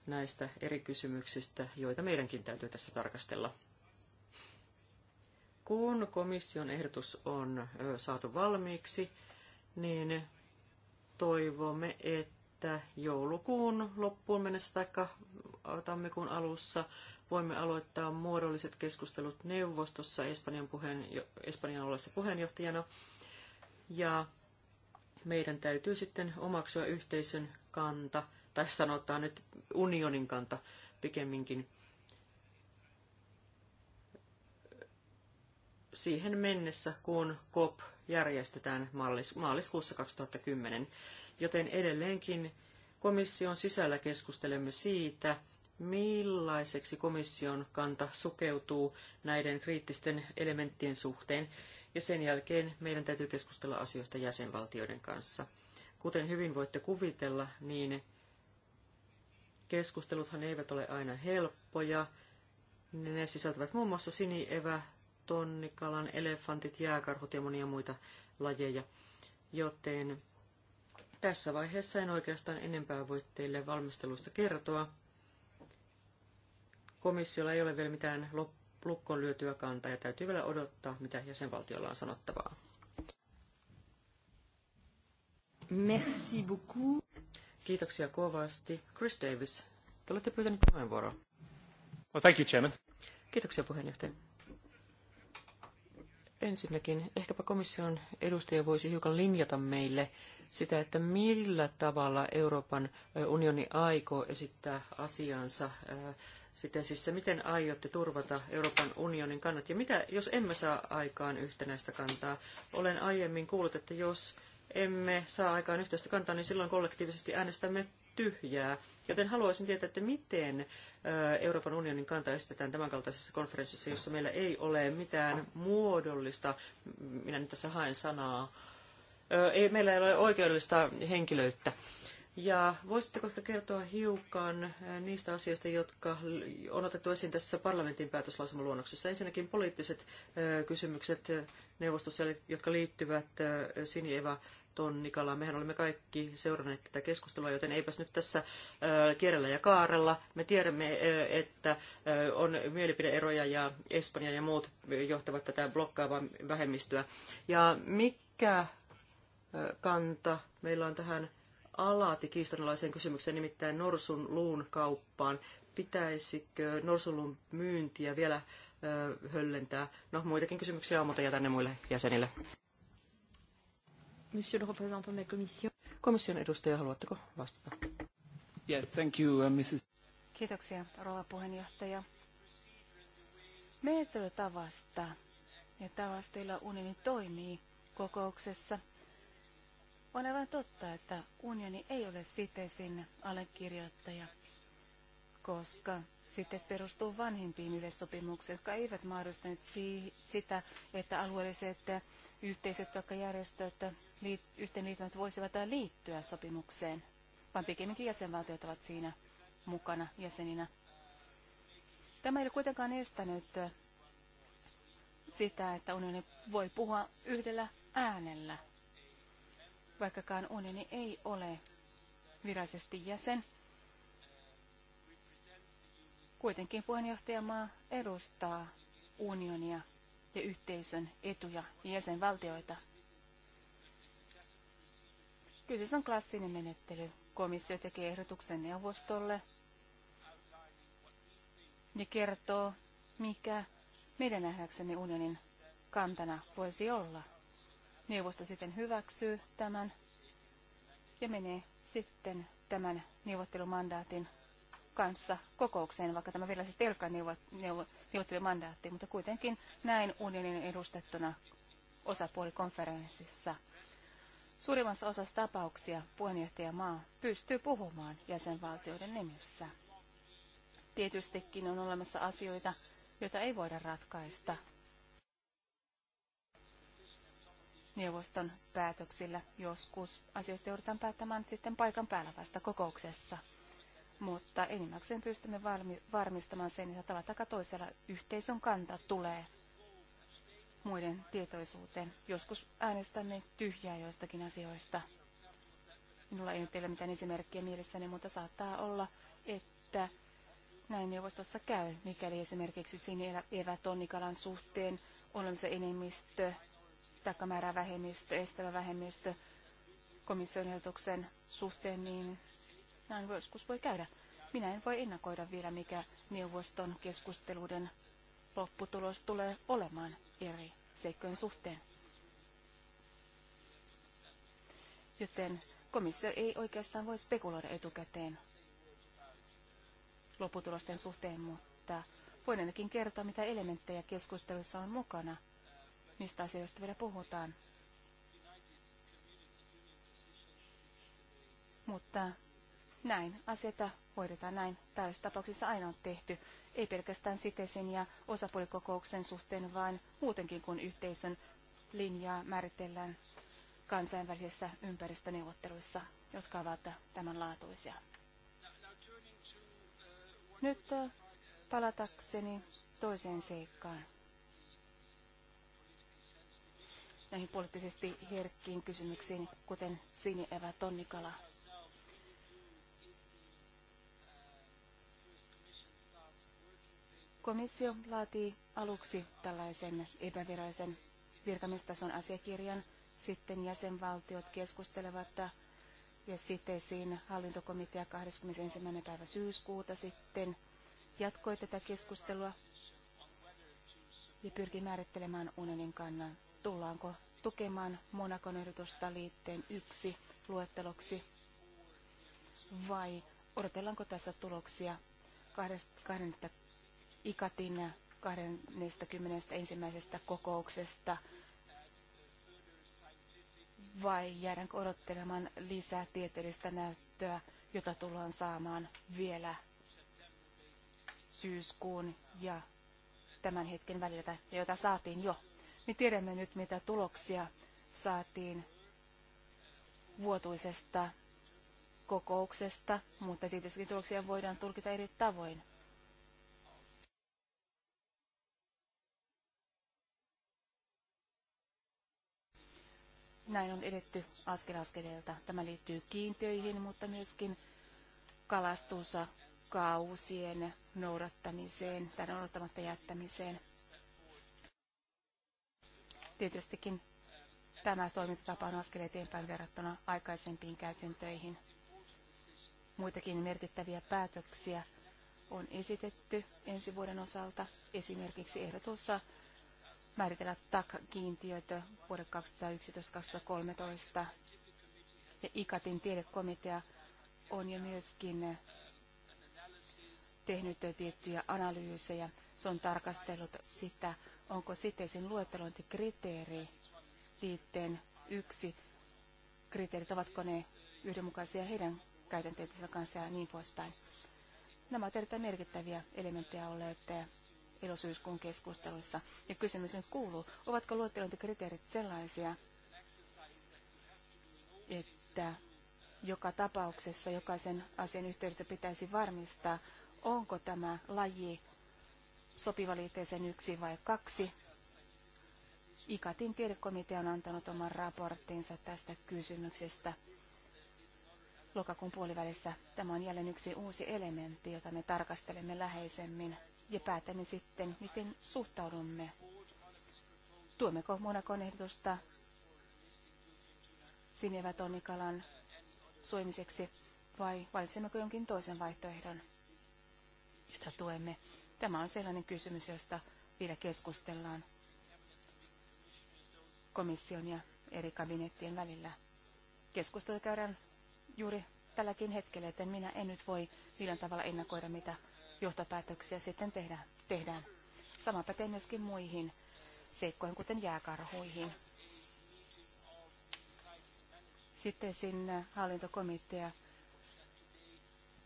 näistä eri kysymyksistä, joita meidänkin täytyy tässä tarkastella. Kun komission ehdotus on saatu valmiiksi, niin toivomme, että joulukuun loppuun mennessä tai tammikuun alussa voimme aloittaa muodolliset keskustelut neuvostossa Espanjan, puheen, Espanjan ollessa puheenjohtajana. Ja meidän täytyy sitten omaksua yhteisön kanta – tai sanotaan nyt unionin kanta pikemminkin. Siihen mennessä, kun COP järjestetään maalis- maaliskuussa 2010, joten edelleenkin komission sisällä keskustelemme siitä, millaiseksi komission kanta sukeutuu näiden kriittisten elementtien suhteen, ja sen jälkeen meidän täytyy keskustella asioista jäsenvaltioiden kanssa. Kuten hyvin voitte kuvitella, niin Keskusteluthan eivät ole aina helppoja. Ne sisältävät muun muassa sinievä, tonnikalan, elefantit, jääkarhut ja monia muita lajeja. Joten tässä vaiheessa en oikeastaan enempää voi teille valmistelusta kertoa. Komissiolla ei ole vielä mitään lukkoon lyötyä kantaa ja täytyy vielä odottaa, mitä jäsenvaltiolla on sanottavaa. Merci beaucoup. Kiitoksia kovasti. Chris Davis, te olette pyytänyt puheenvuoroa. Well, thank you, Chairman. Kiitoksia puheenjohtaja. Ensinnäkin ehkäpä komission edustaja voisi hiukan linjata meille sitä, että millä tavalla Euroopan unioni aikoo esittää asiansa sitä siis se, miten aiotte turvata Euroopan unionin kannat ja mitä, jos emme saa aikaan yhtenäistä kantaa. Olen aiemmin kuullut, että jos emme saa aikaan yhteistä kantaa, niin silloin kollektiivisesti äänestämme tyhjää. Joten haluaisin tietää, että miten Euroopan unionin kanta esitetään tämänkaltaisessa konferenssissa, jossa meillä ei ole mitään muodollista, minä nyt tässä haen sanaa, ei, meillä ei ole oikeudellista henkilöyttä ja voisitteko ehkä kertoa hiukan eh, niistä asioista, jotka on otettu esiin tässä parlamentin päätöslausumaluonnoksessa? Ensinnäkin poliittiset eh, kysymykset eh, neuvostossa, jotka liittyvät Sinieva Tonnikala. Mehän olemme kaikki seuranneet tätä keskustelua, joten eipäs nyt tässä kierrellä ja kaarella. Me tiedämme, että on mielipideeroja ja Espanja ja muut johtavat tätä blokkaavaa vähemmistöä. Ja mikä kanta meillä on tähän alati kiistanalaiseen kysymykseen, nimittäin norsun luun kauppaan. Pitäisikö norsunluun myyntiä vielä ö, höllentää? No, muitakin kysymyksiä on, mutta jätän ne muille jäsenille. Monsieur le représentant de la commission. Komission edustaja, haluatteko vastata? Yeah, thank you, uh, Mrs. Kiitoksia, rouva puheenjohtaja. Menettelytavasta ja tavasta, jolla unioni toimii kokouksessa on aivan totta, että unioni ei ole sitesin allekirjoittaja, koska sites perustuu vanhimpiin yleissopimuksiin, jotka eivät mahdollistaneet sitä, että alueelliset yhteisöt tai järjestöt yhteenliittymät voisivat liittyä sopimukseen, vaan pikemminkin jäsenvaltiot ovat siinä mukana jäseninä. Tämä ei ole kuitenkaan estänyt sitä, että unioni voi puhua yhdellä äänellä vaikkakaan unioni ei ole virallisesti jäsen. Kuitenkin puheenjohtajamaa edustaa unionia ja yhteisön etuja ja jäsenvaltioita. Kyseessä on klassinen menettely. Komissio tekee ehdotuksen neuvostolle ja kertoo, mikä meidän nähdäksemme unionin kantana voisi olla neuvosto sitten hyväksyy tämän ja menee sitten tämän neuvottelumandaatin kanssa kokoukseen, vaikka tämä vielä siis telkka neuvottelumandaatti, mutta kuitenkin näin unionin edustettuna osapuolikonferenssissa. Suurimmassa osassa tapauksia puheenjohtajamaa pystyy puhumaan jäsenvaltioiden nimissä. Tietystikin on olemassa asioita, joita ei voida ratkaista neuvoston päätöksillä. Joskus asioista joudutaan päättämään sitten paikan päällä vasta kokouksessa. Mutta enimmäkseen pystymme varmi- varmistamaan sen, että tavalla tai toisella yhteisön kanta tulee muiden tietoisuuteen. Joskus äänestämme tyhjää joistakin asioista. Minulla ei nyt ole mitään esimerkkiä mielessäni, mutta saattaa olla, että näin neuvostossa käy, mikäli esimerkiksi sinne evätonnikalan suhteen on se enemmistö taikka vähemmistö, estävä vähemmistö komission ehdotuksen suhteen, niin näin joskus voi käydä. Minä en voi ennakoida vielä, mikä neuvoston keskusteluiden lopputulos tulee olemaan eri seikkojen suhteen. Joten komissio ei oikeastaan voi spekuloida etukäteen lopputulosten suhteen, mutta voin ainakin kertoa, mitä elementtejä keskustelussa on mukana mistä asioista vielä puhutaan. Mutta näin asioita hoidetaan näin. Tällaisissa tapauksissa aina on tehty, ei pelkästään sitesin ja osapuolikokouksen suhteen, vaan muutenkin kuin yhteisön linjaa määritellään kansainvälisissä ympäristöneuvotteluissa, jotka ovat tämän laatuisia. Nyt äh, palatakseni toiseen seikkaan. näihin poliittisesti herkkiin kysymyksiin, kuten sinievä tonnikala. Komissio laatii aluksi tällaisen epävirallisen virkamiestason asiakirjan, sitten jäsenvaltiot keskustelevat ja sitten siinä hallintokomitea 21. päivä syyskuuta sitten jatkoi tätä keskustelua ja pyrki määrittelemään unionin kannan tullaanko tukemaan Monakon ehdotusta liitteen yksi luetteloksi vai odotellaanko tässä tuloksia kahden, ikatin 21. kokouksesta vai jäädäänkö odottelemaan lisää tieteellistä näyttöä, jota tullaan saamaan vielä syyskuun ja tämän hetken väliltä, jota saatiin jo me tiedämme nyt, mitä tuloksia saatiin vuotuisesta kokouksesta, mutta tietysti tuloksia voidaan tulkita eri tavoin. Näin on edetty askel askeleelta. Tämä liittyy kiintiöihin, mutta myöskin kalastuskausien noudattamiseen tai noudattamatta jättämiseen. Tietystikin tämä toimintatapa on askel eteenpäin verrattuna aikaisempiin käytäntöihin. Muitakin merkittäviä päätöksiä on esitetty ensi vuoden osalta. Esimerkiksi ehdotussa määritellä tak kiintiöitä vuoden 2011-2013. Ja ICATin tiedekomitea on jo myöskin tehnyt tiettyjä analyysejä. Se on tarkastellut sitä, onko siteisen luettelointikriteeri liitteen yksi kriteerit, ovatko ne yhdenmukaisia heidän käytänteidensä kanssa ja niin poispäin. Nämä ovat erittäin merkittäviä elementtejä olleet ilosyyskuun keskusteluissa. Ja kysymys nyt kuuluu, ovatko luettelointikriteerit sellaisia, että joka tapauksessa jokaisen asian yhteydessä pitäisi varmistaa, onko tämä laji sopiva liitteeseen yksi vai kaksi. Ikatin tiedekomitea on antanut oman raporttinsa tästä kysymyksestä lokakuun puolivälissä. Tämä on jälleen yksi uusi elementti, jota me tarkastelemme läheisemmin ja päätämme sitten, miten suhtaudumme. Tuommeko Monakon ehdotusta sinevätonnikalan soimiseksi vai valitsemmeko jonkin toisen vaihtoehdon, jota tuemme. Tämä on sellainen kysymys, josta vielä keskustellaan komission ja eri kabinettien välillä. Keskustelu käydään juuri tälläkin hetkellä, joten minä en nyt voi millään tavalla ennakoida, mitä johtopäätöksiä sitten tehdään. tehdään. Sama pätee myöskin muihin seikkoihin, kuten jääkarhuihin. Sitten sinne hallintokomitea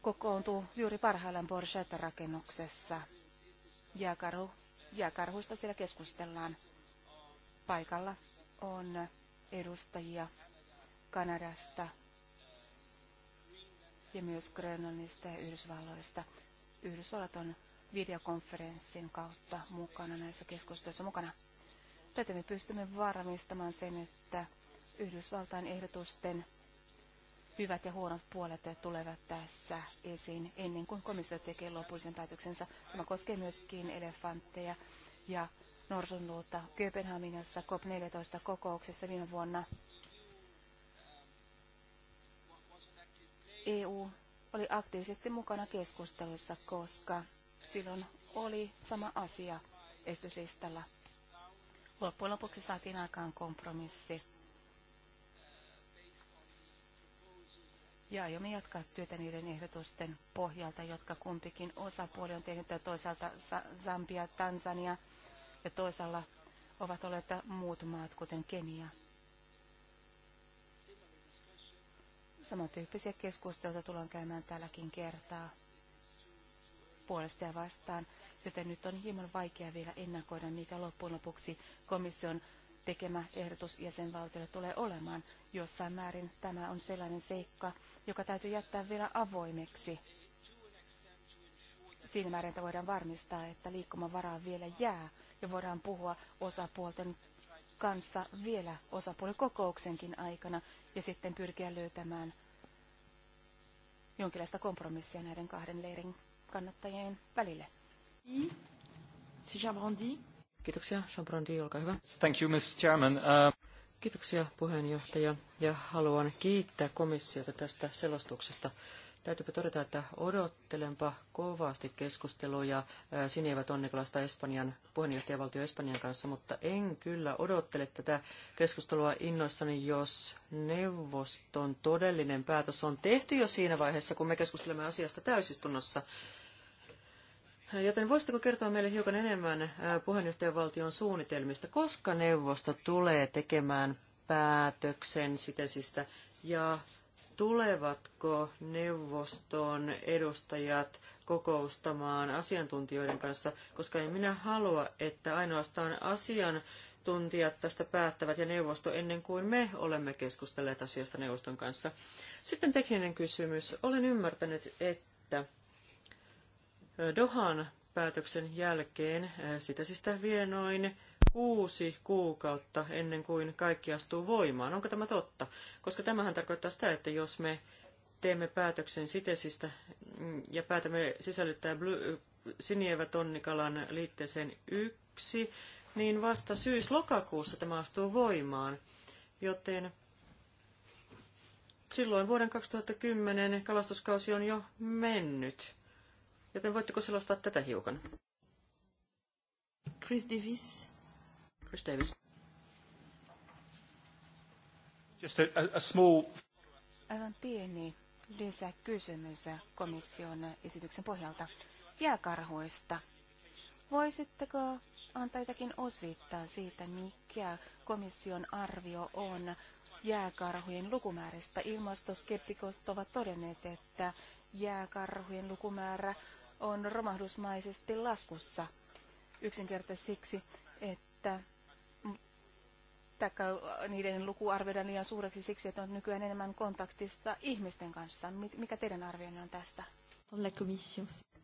kokoontuu juuri parhaillaan Borchetta-rakennuksessa. Jääkarhu, jääkarhuista siellä keskustellaan. Paikalla on edustajia Kanadasta ja myös Grönlannista ja Yhdysvalloista. Yhdysvallat on videokonferenssin kautta mukana näissä keskusteluissa mukana. Tätä me pystymme varmistamaan sen, että Yhdysvaltain ehdotusten hyvät ja huonot puolet tulevat tässä esiin ennen kuin komissio tekee lopullisen päätöksensä. Tämä koskee myöskin elefantteja ja norsunluuta Kööpenhaminassa COP14 kokouksessa viime vuonna. EU oli aktiivisesti mukana keskusteluissa, koska silloin oli sama asia esityslistalla. Loppujen lopuksi saatiin aikaan kompromissi ja aiomme jatkaa työtä niiden ehdotusten pohjalta, jotka kumpikin osapuoli on tehnyt, toisaalta Zambia, Tansania ja toisaalla ovat olleet muut maat, kuten Kenia. Samantyyppisiä keskusteluita tullaan käymään tälläkin kertaa puolesta ja vastaan, joten nyt on hieman vaikea vielä ennakoida, mikä loppujen lopuksi komission tekemä ehdotus jäsenvaltiolle tulee olemaan jossain määrin tämä on sellainen seikka, joka täytyy jättää vielä avoimeksi. Siinä määrin, että voidaan varmistaa, että liikkumavaraa vielä jää ja voidaan puhua osapuolten kanssa vielä osapuolikokouksenkin aikana ja sitten pyrkiä löytämään jonkinlaista kompromissia näiden kahden leirin kannattajien välille. Kiitoksia. Jean Brandi, olkaa hyvä. Thank you, Mr. Chairman. Uh... Kiitoksia puheenjohtaja ja haluan kiittää komissiota tästä selostuksesta. Täytyypä todeta, että odottelenpa kovasti keskusteluja Sinevä Tonnikalasta Espanjan, puheenjohtajavaltio Espanjan kanssa, mutta en kyllä odottele tätä keskustelua innoissani, jos neuvoston todellinen päätös on tehty jo siinä vaiheessa, kun me keskustelemme asiasta täysistunnossa. Joten voisitteko kertoa meille hiukan enemmän puheenjohtajavaltion suunnitelmista, koska neuvosto tulee tekemään päätöksen sitesistä ja tulevatko neuvoston edustajat kokoustamaan asiantuntijoiden kanssa, koska en minä halua, että ainoastaan asiantuntijat tästä päättävät ja neuvosto ennen kuin me olemme keskustelleet asiasta neuvoston kanssa. Sitten tekninen kysymys. Olen ymmärtänyt, että Dohan päätöksen jälkeen, sitä siis vie noin kuusi kuukautta ennen kuin kaikki astuu voimaan. Onko tämä totta? Koska tämähän tarkoittaa sitä, että jos me teemme päätöksen sitesistä mm, ja päätämme sisällyttää sinievä tonnikalan liitteeseen yksi, niin vasta syys-lokakuussa tämä astuu voimaan. Joten silloin vuoden 2010 kalastuskausi on jo mennyt. Joten voitteko selostaa tätä hiukan? Chris Davis. Chris Davis. Just a, a small... Aivan pieni lisäkysymys komission esityksen pohjalta jääkarhuista. Voisitteko antaa jotakin osvittaa siitä, mikä komission arvio on jääkarhujen lukumääristä? Ilmastoskeptikot ovat todenneet, että jääkarhujen lukumäärä on romahdusmaisesti laskussa yksinkertaisesti siksi, että taikka niiden luku arvioidaan liian suureksi siksi, että on nykyään enemmän kontaktista ihmisten kanssa. Mikä teidän arvionne on tästä?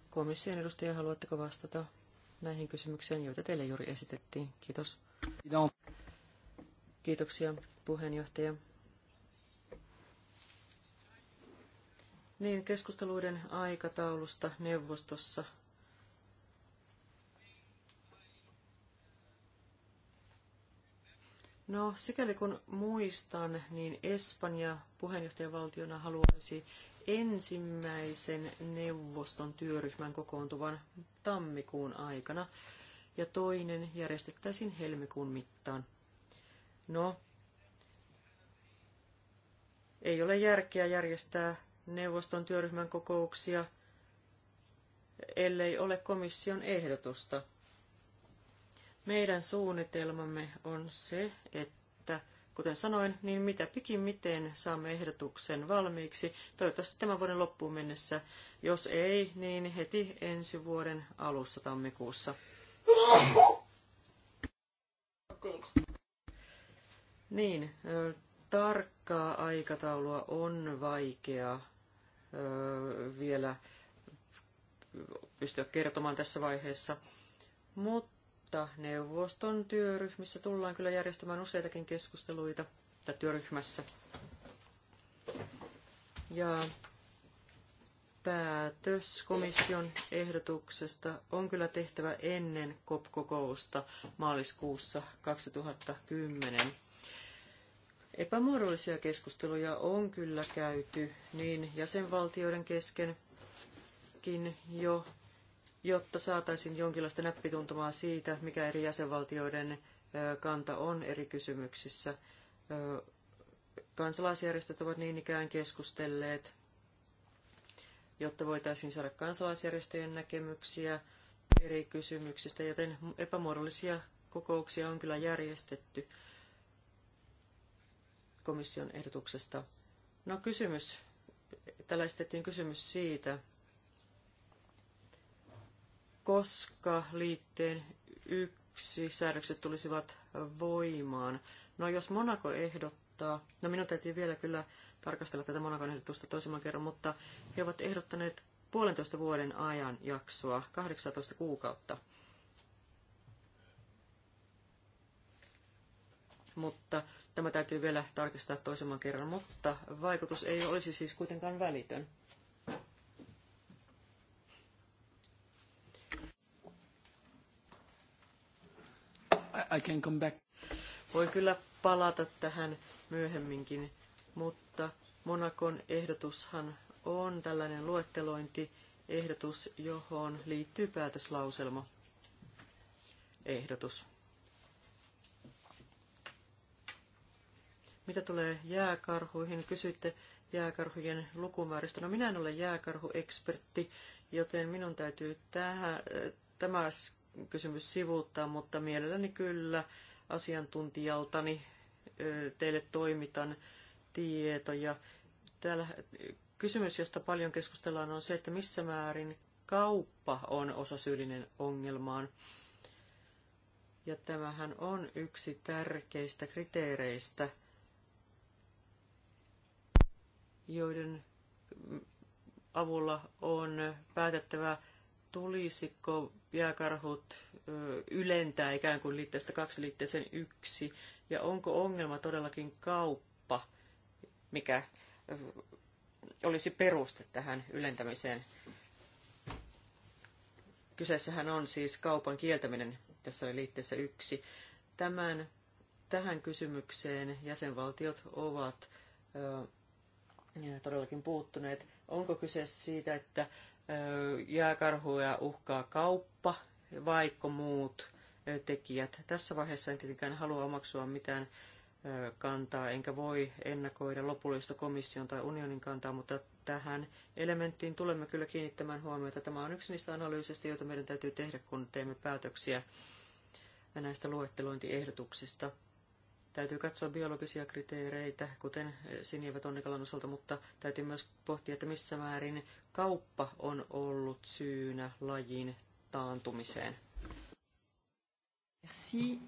Komission edustaja, haluatteko vastata näihin kysymyksiin, joita teille juuri esitettiin? Kiitos. Kiitoksia, puheenjohtaja. Niin, keskusteluiden aikataulusta neuvostossa. No, sikäli kun muistan, niin Espanja puheenjohtajavaltiona haluaisi ensimmäisen neuvoston työryhmän kokoontuvan tammikuun aikana ja toinen järjestettäisiin helmikuun mittaan. No, ei ole järkeä järjestää neuvoston työryhmän kokouksia, ellei ole komission ehdotusta. Meidän suunnitelmamme on se, että kuten sanoin, niin mitä pikimmiten saamme ehdotuksen valmiiksi, toivottavasti tämän vuoden loppuun mennessä. Jos ei, niin heti ensi vuoden alussa tammikuussa. Niin, tarkkaa aikataulua on vaikea vielä pystyä kertomaan tässä vaiheessa. Mutta neuvoston työryhmissä tullaan kyllä järjestämään useitakin keskusteluita, tai työryhmässä. Ja päätös komission ehdotuksesta on kyllä tehtävä ennen COP-kokousta maaliskuussa 2010. Epämuodollisia keskusteluja on kyllä käyty niin jäsenvaltioiden keskenkin jo, jotta saataisiin jonkinlaista näppituntumaa siitä, mikä eri jäsenvaltioiden kanta on eri kysymyksissä. Kansalaisjärjestöt ovat niin ikään keskustelleet, jotta voitaisiin saada kansalaisjärjestöjen näkemyksiä eri kysymyksistä, joten epämuodollisia kokouksia on kyllä järjestetty komission ehdotuksesta. No kysymys, täällä esitettiin kysymys siitä, koska liitteen yksi säädökset tulisivat voimaan. No jos Monaco ehdottaa, no minun täytyy vielä kyllä tarkastella tätä Monakon ehdotusta toisemman kerran, mutta he ovat ehdottaneet puolentoista vuoden ajan jaksoa, 18 kuukautta. Mutta Tämä täytyy vielä tarkistaa toisemman kerran, mutta vaikutus ei olisi siis kuitenkaan välitön. I can come back. Voi kyllä palata tähän myöhemminkin, mutta Monakon ehdotushan on tällainen luettelointiehdotus, johon liittyy päätöslauselma. Ehdotus. Mitä tulee jääkarhuihin, kysyitte jääkarhujen lukumääristä. No minä en ole jääkarhuekspertti, joten minun täytyy tähän, tämä kysymys sivuuttaa, mutta mielelläni kyllä asiantuntijaltani teille toimitan tietoja. Täällä kysymys, josta paljon keskustellaan, on se, että missä määrin kauppa on osasyyllinen ongelmaan. Ja tämähän on yksi tärkeistä kriteereistä – joiden avulla on päätettävä, tulisiko jääkarhut ylentää ikään kuin liitteestä kaksi liitteeseen yksi, ja onko ongelma todellakin kauppa, mikä olisi peruste tähän ylentämiseen. Kyseessähän on siis kaupan kieltäminen, tässä oli liitteessä yksi. Tämän, tähän kysymykseen jäsenvaltiot ovat ö, todellakin puuttuneet. Onko kyse siitä, että jääkarhuja uhkaa kauppa vaikka muut tekijät? Tässä vaiheessa en tietenkään halua omaksua mitään kantaa, enkä voi ennakoida lopullista komission tai unionin kantaa, mutta tähän elementtiin tulemme kyllä kiinnittämään huomiota. Tämä on yksi niistä analyysistä, joita meidän täytyy tehdä, kun teemme päätöksiä näistä luettelointiehdotuksista. Täytyy katsoa biologisia kriteereitä, kuten sinivät osalta, mutta täytyy myös pohtia, että missä määrin kauppa on ollut syynä lajin taantumiseen. Merci.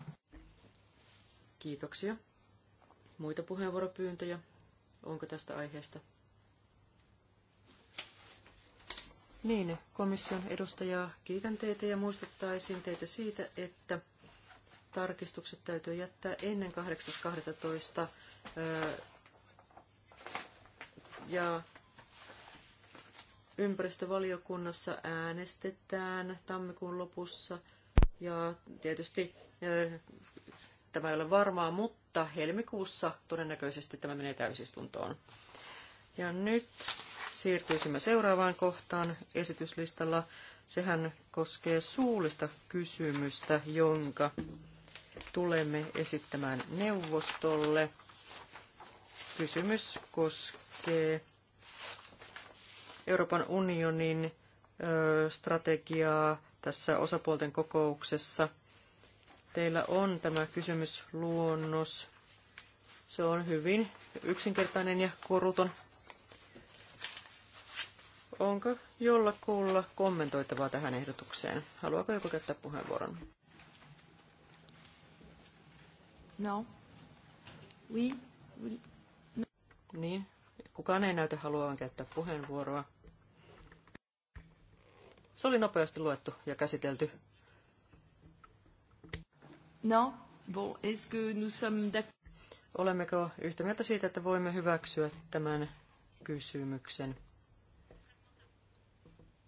Kiitoksia. Muita puheenvuoropyyntöjä? Onko tästä aiheesta? Niin, komission edustajaa kiitän teitä ja muistuttaisin teitä siitä, että tarkistukset täytyy jättää ennen 8.12. Ja ympäristövaliokunnassa äänestetään tammikuun lopussa. Ja tietysti tämä ei ole varmaa, mutta helmikuussa todennäköisesti tämä menee täysistuntoon. Ja nyt siirtyisimme seuraavaan kohtaan esityslistalla. Sehän koskee suullista kysymystä, jonka tulemme esittämään neuvostolle. Kysymys koskee Euroopan unionin strategiaa tässä osapuolten kokouksessa. Teillä on tämä kysymysluonnos. Se on hyvin yksinkertainen ja koruton. Onko jollakulla kommentoitavaa tähän ehdotukseen? Haluaako joku käyttää puheenvuoron? No. Oui. oui. No. Niin. Kukaan ei näytä haluavan käyttää puheenvuoroa. Se oli nopeasti luettu ja käsitelty. No. Bon, est-ce que nous sommes Olemmeko yhtä mieltä siitä, että voimme hyväksyä tämän kysymyksen?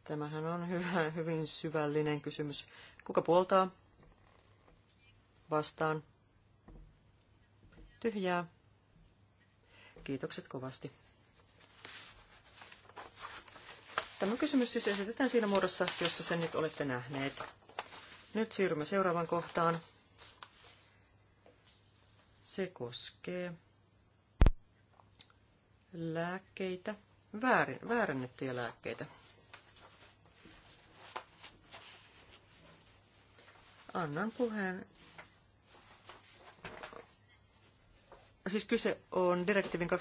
Tämähän on hyvä, hyvin syvällinen kysymys. Kuka puoltaa? Vastaan. Tyhjää. Kiitokset kovasti. Tämä kysymys siis esitetään siinä muodossa, jossa sen nyt olette nähneet. Nyt siirrymme seuraavaan kohtaan. Se koskee lääkkeitä, väärin, väärännettyjä lääkkeitä. Annan puheen siis kyse on direktiivin 2001-83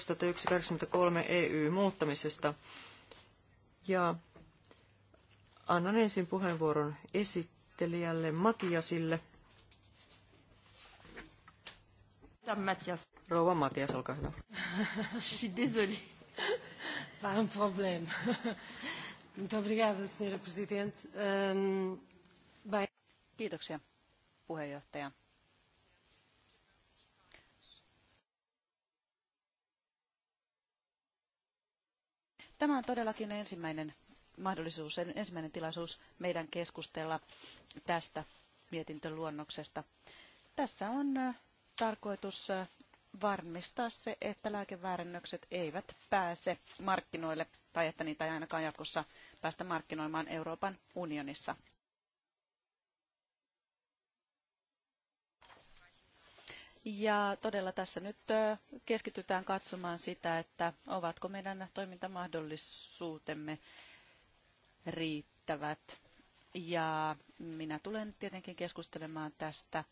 EU muuttamisesta. Ja annan ensin puheenvuoron esittelijälle Matiasille. Matias. Rouva Matias, olkaa hyvä. Je suis Pas un problème. Muito obrigada, senhora presidente. Um, Kiitoksia, puheenjohtaja. Tämä on todellakin ensimmäinen mahdollisuus, ensimmäinen tilaisuus meidän keskustella tästä mietintöluonnoksesta. Tässä on tarkoitus varmistaa se, että lääkeväärännökset eivät pääse markkinoille tai että niitä ei ainakaan jatkossa päästä markkinoimaan Euroopan unionissa. Ja todella tässä nyt keskitytään katsomaan sitä, että ovatko meidän toimintamahdollisuutemme riittävät. Ja minä tulen tietenkin keskustelemaan tästä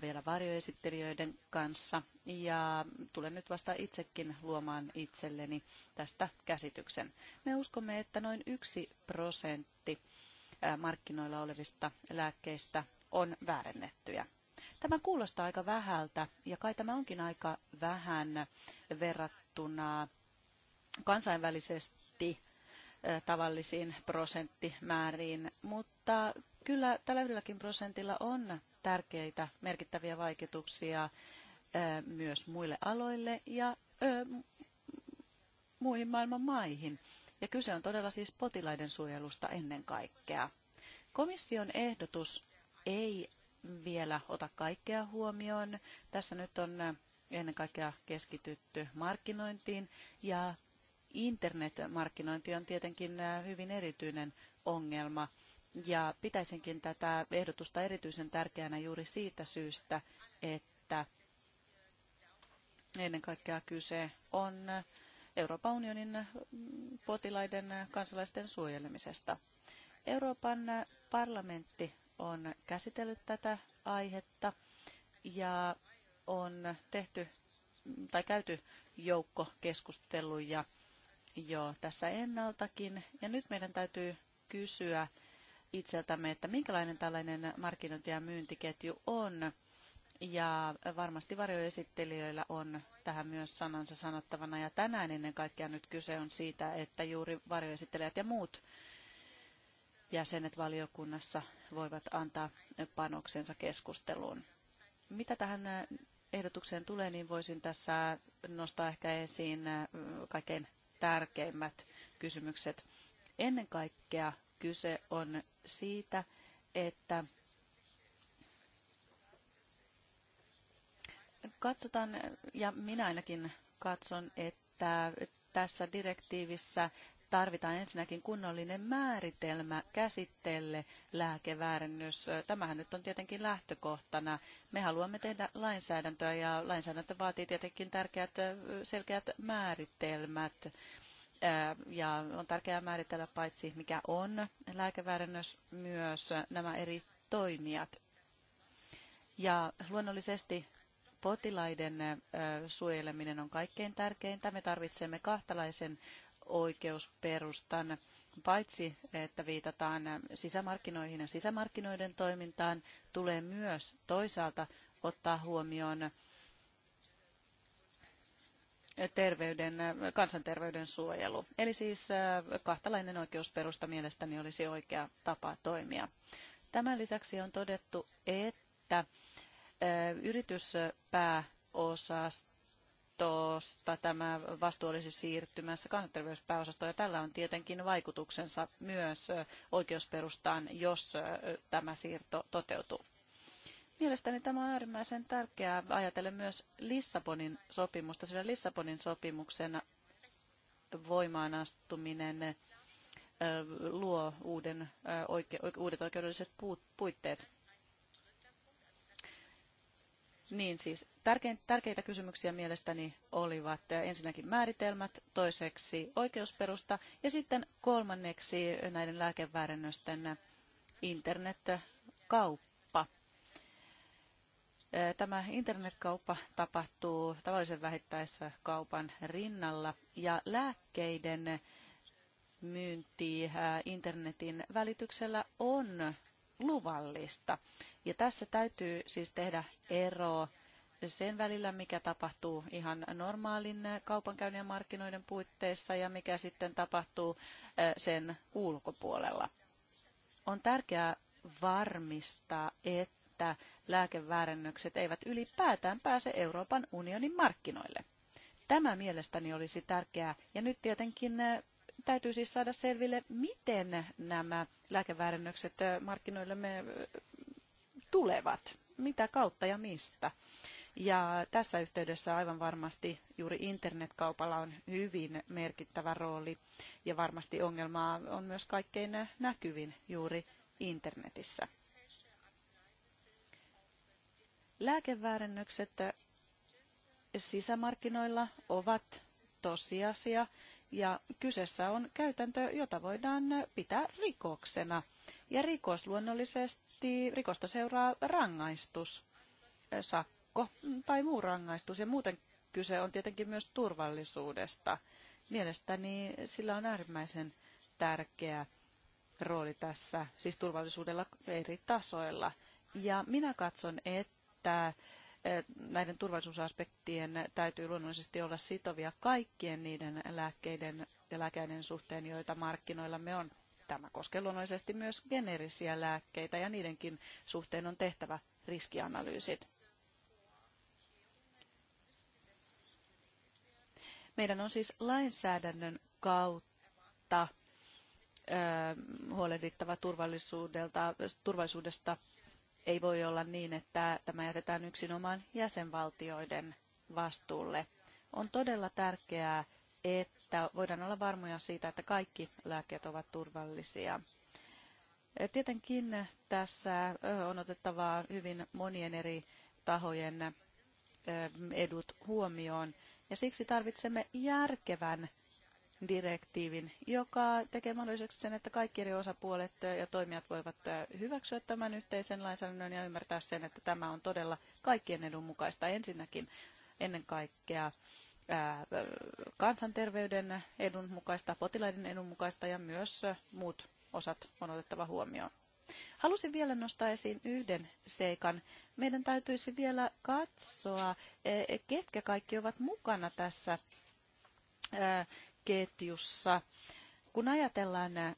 vielä varjoesittelijöiden kanssa ja tulen nyt vasta itsekin luomaan itselleni tästä käsityksen. Me uskomme, että noin yksi prosentti markkinoilla olevista lääkkeistä on väärennettyjä. Tämä kuulostaa aika vähältä ja kai tämä onkin aika vähän verrattuna kansainvälisesti tavallisiin prosenttimääriin, mutta kyllä tällä yhdelläkin prosentilla on tärkeitä merkittäviä vaikutuksia myös muille aloille ja muihin maailman maihin. Ja kyse on todella siis potilaiden suojelusta ennen kaikkea. Komission ehdotus ei vielä ota kaikkea huomioon. Tässä nyt on äh, ennen kaikkea keskitytty markkinointiin ja internetmarkkinointi on tietenkin äh, hyvin erityinen ongelma. Ja pitäisinkin tätä ehdotusta erityisen tärkeänä juuri siitä syystä, että ennen kaikkea kyse on Euroopan unionin äh, potilaiden kansalaisten suojelemisesta. Euroopan parlamentti on käsitellyt tätä aihetta ja on tehty tai käyty joukko keskusteluja jo tässä ennaltakin. Ja nyt meidän täytyy kysyä itseltämme, että minkälainen tällainen markkinointi- ja myyntiketju on. Ja varmasti varjoesittelijöillä on tähän myös sanansa sanottavana. Ja tänään ennen kaikkea nyt kyse on siitä, että juuri varjoesittelijät ja muut jäsenet valiokunnassa voivat antaa panoksensa keskusteluun. Mitä tähän ehdotukseen tulee, niin voisin tässä nostaa ehkä esiin kaikkein tärkeimmät kysymykset. Ennen kaikkea kyse on siitä, että katsotaan, ja minä ainakin katson, että tässä direktiivissä tarvitaan ensinnäkin kunnollinen määritelmä käsitteelle lääkeväärennys. Tämähän nyt on tietenkin lähtökohtana. Me haluamme tehdä lainsäädäntöä ja lainsäädäntö vaatii tietenkin tärkeät selkeät määritelmät. Ja on tärkeää määritellä paitsi mikä on lääkeväärennös, myös nämä eri toimijat. Ja luonnollisesti potilaiden suojeleminen on kaikkein tärkeintä. Me tarvitsemme kahtalaisen oikeusperustan, paitsi että viitataan sisämarkkinoihin ja sisämarkkinoiden toimintaan, tulee myös toisaalta ottaa huomioon terveyden, kansanterveyden suojelu. Eli siis äh, kahtalainen oikeusperusta mielestäni olisi oikea tapa toimia. Tämän lisäksi on todettu, että äh, yrityspääosasta tuosta tämä vastuu olisi siirtymässä kansanterveyspääosastoon. Ja tällä on tietenkin vaikutuksensa myös oikeusperustaan, jos tämä siirto toteutuu. Mielestäni tämä on äärimmäisen tärkeää ajatella myös Lissabonin sopimusta, sillä Lissabonin sopimuksen astuminen luo uuden, oike, uudet oikeudelliset puitteet niin siis tärkeitä kysymyksiä mielestäni olivat eh, ensinnäkin määritelmät, toiseksi oikeusperusta ja sitten kolmanneksi näiden lääkeväärennösten eh, internetkauppa. Eh, tämä internetkauppa tapahtuu tavallisen vähittäisessä kaupan rinnalla ja lääkkeiden myynti internetin välityksellä on luvallista. Ja tässä täytyy siis tehdä ero sen välillä, mikä tapahtuu ihan normaalin kaupankäynnin ja markkinoiden puitteissa ja mikä sitten tapahtuu sen ulkopuolella. On tärkeää varmistaa, että lääkeväärennökset eivät ylipäätään pääse Euroopan unionin markkinoille. Tämä mielestäni olisi tärkeää ja nyt tietenkin täytyy siis saada selville, miten nämä lääkeväärennökset markkinoillemme tulevat, mitä kautta ja mistä. Ja tässä yhteydessä aivan varmasti juuri internetkaupalla on hyvin merkittävä rooli ja varmasti ongelmaa on myös kaikkein näkyvin juuri internetissä. Lääkeväärennökset sisämarkkinoilla ovat tosiasia ja kyseessä on käytäntö, jota voidaan pitää rikoksena. Ja rikos luonnollisesti, rikosta seuraa rangaistus, eh, sakko tai muu rangaistus. Ja muuten kyse on tietenkin myös turvallisuudesta. Mielestäni sillä on äärimmäisen tärkeä rooli tässä, siis turvallisuudella eri tasoilla. Ja minä katson, että että Eh, näiden turvallisuusaspektien täytyy luonnollisesti olla sitovia kaikkien niiden lääkkeiden ja lääkäiden suhteen, joita markkinoilla me on. Tämä koskee luonnollisesti myös geneerisiä lääkkeitä ja niidenkin suhteen on tehtävä riskianalyysit. Meidän on siis lainsäädännön kautta huolehdittava turvallisuudelta, turvallisuudesta ei voi olla niin, että tämä jätetään yksinomaan jäsenvaltioiden vastuulle. On todella tärkeää, että voidaan olla varmoja siitä, että kaikki lääkkeet ovat turvallisia. Tietenkin tässä on otettava hyvin monien eri tahojen edut huomioon, ja siksi tarvitsemme järkevän direktiivin, joka tekee mahdolliseksi sen, että kaikki eri osapuolet ja toimijat voivat hyväksyä tämän yhteisen lainsäädännön ja ymmärtää sen, että tämä on todella kaikkien edun mukaista. Ensinnäkin ennen kaikkea kansanterveyden edun mukaista, potilaiden edun mukaista ja myös muut osat on otettava huomioon. Halusin vielä nostaa esiin yhden seikan. Meidän täytyisi vielä katsoa, e, ketkä kaikki ovat mukana tässä ketjussa. Kun ajatellaan äh,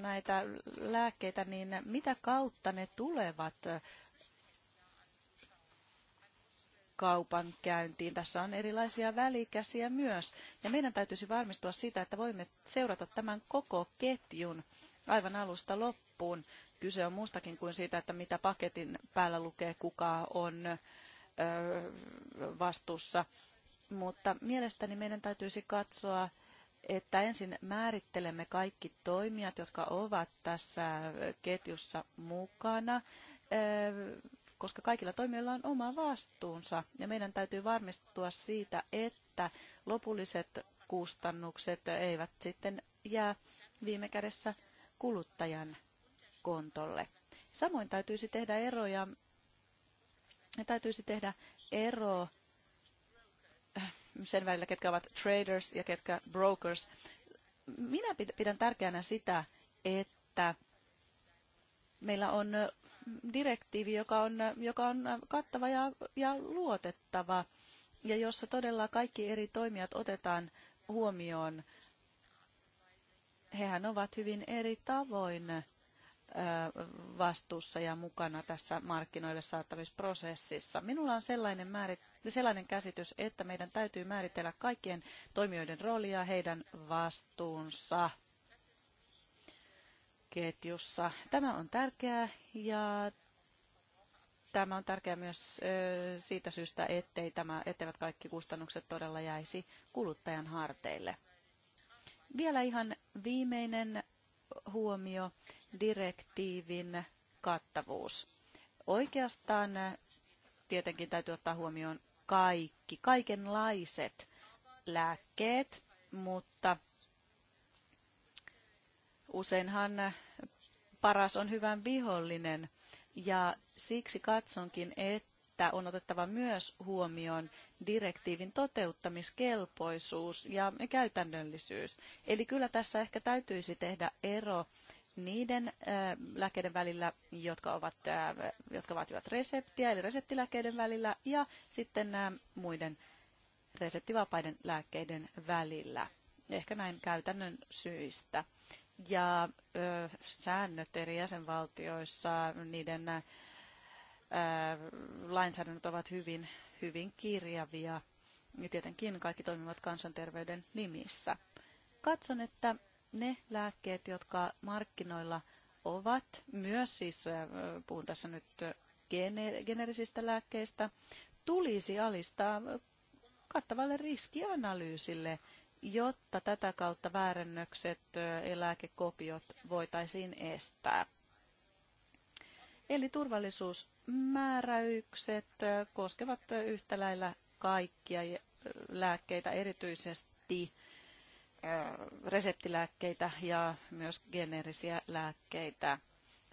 näitä lääkkeitä, niin mitä kautta ne tulevat äh, kaupan käyntiin. Tässä on erilaisia välikäsiä myös. Ja meidän täytyisi varmistua sitä, että voimme seurata tämän koko ketjun aivan alusta loppuun. Kyse on muustakin kuin siitä, että mitä paketin päällä lukee, kuka on vastuussa mutta mielestäni meidän täytyisi katsoa, että ensin määrittelemme kaikki toimijat, jotka ovat tässä ketjussa mukana, eh, koska kaikilla toimijoilla on oma vastuunsa ja meidän täytyy varmistua siitä, että lopulliset kustannukset eivät sitten jää viime kädessä kuluttajan kontolle. Samoin täytyisi tehdä eroja, täytyisi tehdä ero sen välillä, ketkä ovat traders ja ketkä brokers. Minä pidän tärkeänä sitä, että meillä on direktiivi, joka on, joka on kattava ja, ja luotettava ja jossa todella kaikki eri toimijat otetaan huomioon. Hehän ovat hyvin eri tavoin vastuussa ja mukana tässä markkinoille prosessissa. Minulla on sellainen, määrit, sellainen käsitys, että meidän täytyy määritellä kaikkien toimijoiden roolia heidän vastuunsa ketjussa. Tämä on tärkeää ja tämä on tärkeää myös siitä syystä, ettei tämä, etteivät kaikki kustannukset todella jäisi kuluttajan harteille. Vielä ihan viimeinen huomio direktiivin kattavuus. Oikeastaan tietenkin täytyy ottaa huomioon kaikki, kaikenlaiset lääkkeet, mutta useinhan paras on hyvän vihollinen. Ja siksi katsonkin, että että on otettava myös huomioon direktiivin toteuttamiskelpoisuus ja käytännöllisyys. Eli kyllä tässä ehkä täytyisi tehdä ero niiden äh, lääkkeiden välillä, jotka, ovat, äh, jotka vaativat reseptiä, eli reseptilääkkeiden välillä, ja sitten äh, muiden reseptivapaiden lääkkeiden välillä, ehkä näin käytännön syistä. Ja ö, säännöt eri jäsenvaltioissa, niiden lainsäädännöt ovat hyvin, hyvin kirjavia ja tietenkin kaikki toimivat kansanterveyden nimissä. Katson, että ne lääkkeet, jotka markkinoilla ovat, myös siis puhun tässä nyt gene, generisistä lääkkeistä, tulisi alistaa kattavalle riskianalyysille, jotta tätä kautta väärennökset ja lääkekopiot voitaisiin estää. Eli turvallisuus määräykset koskevat yhtä lailla kaikkia lääkkeitä, erityisesti reseptilääkkeitä ja myös geneerisiä lääkkeitä.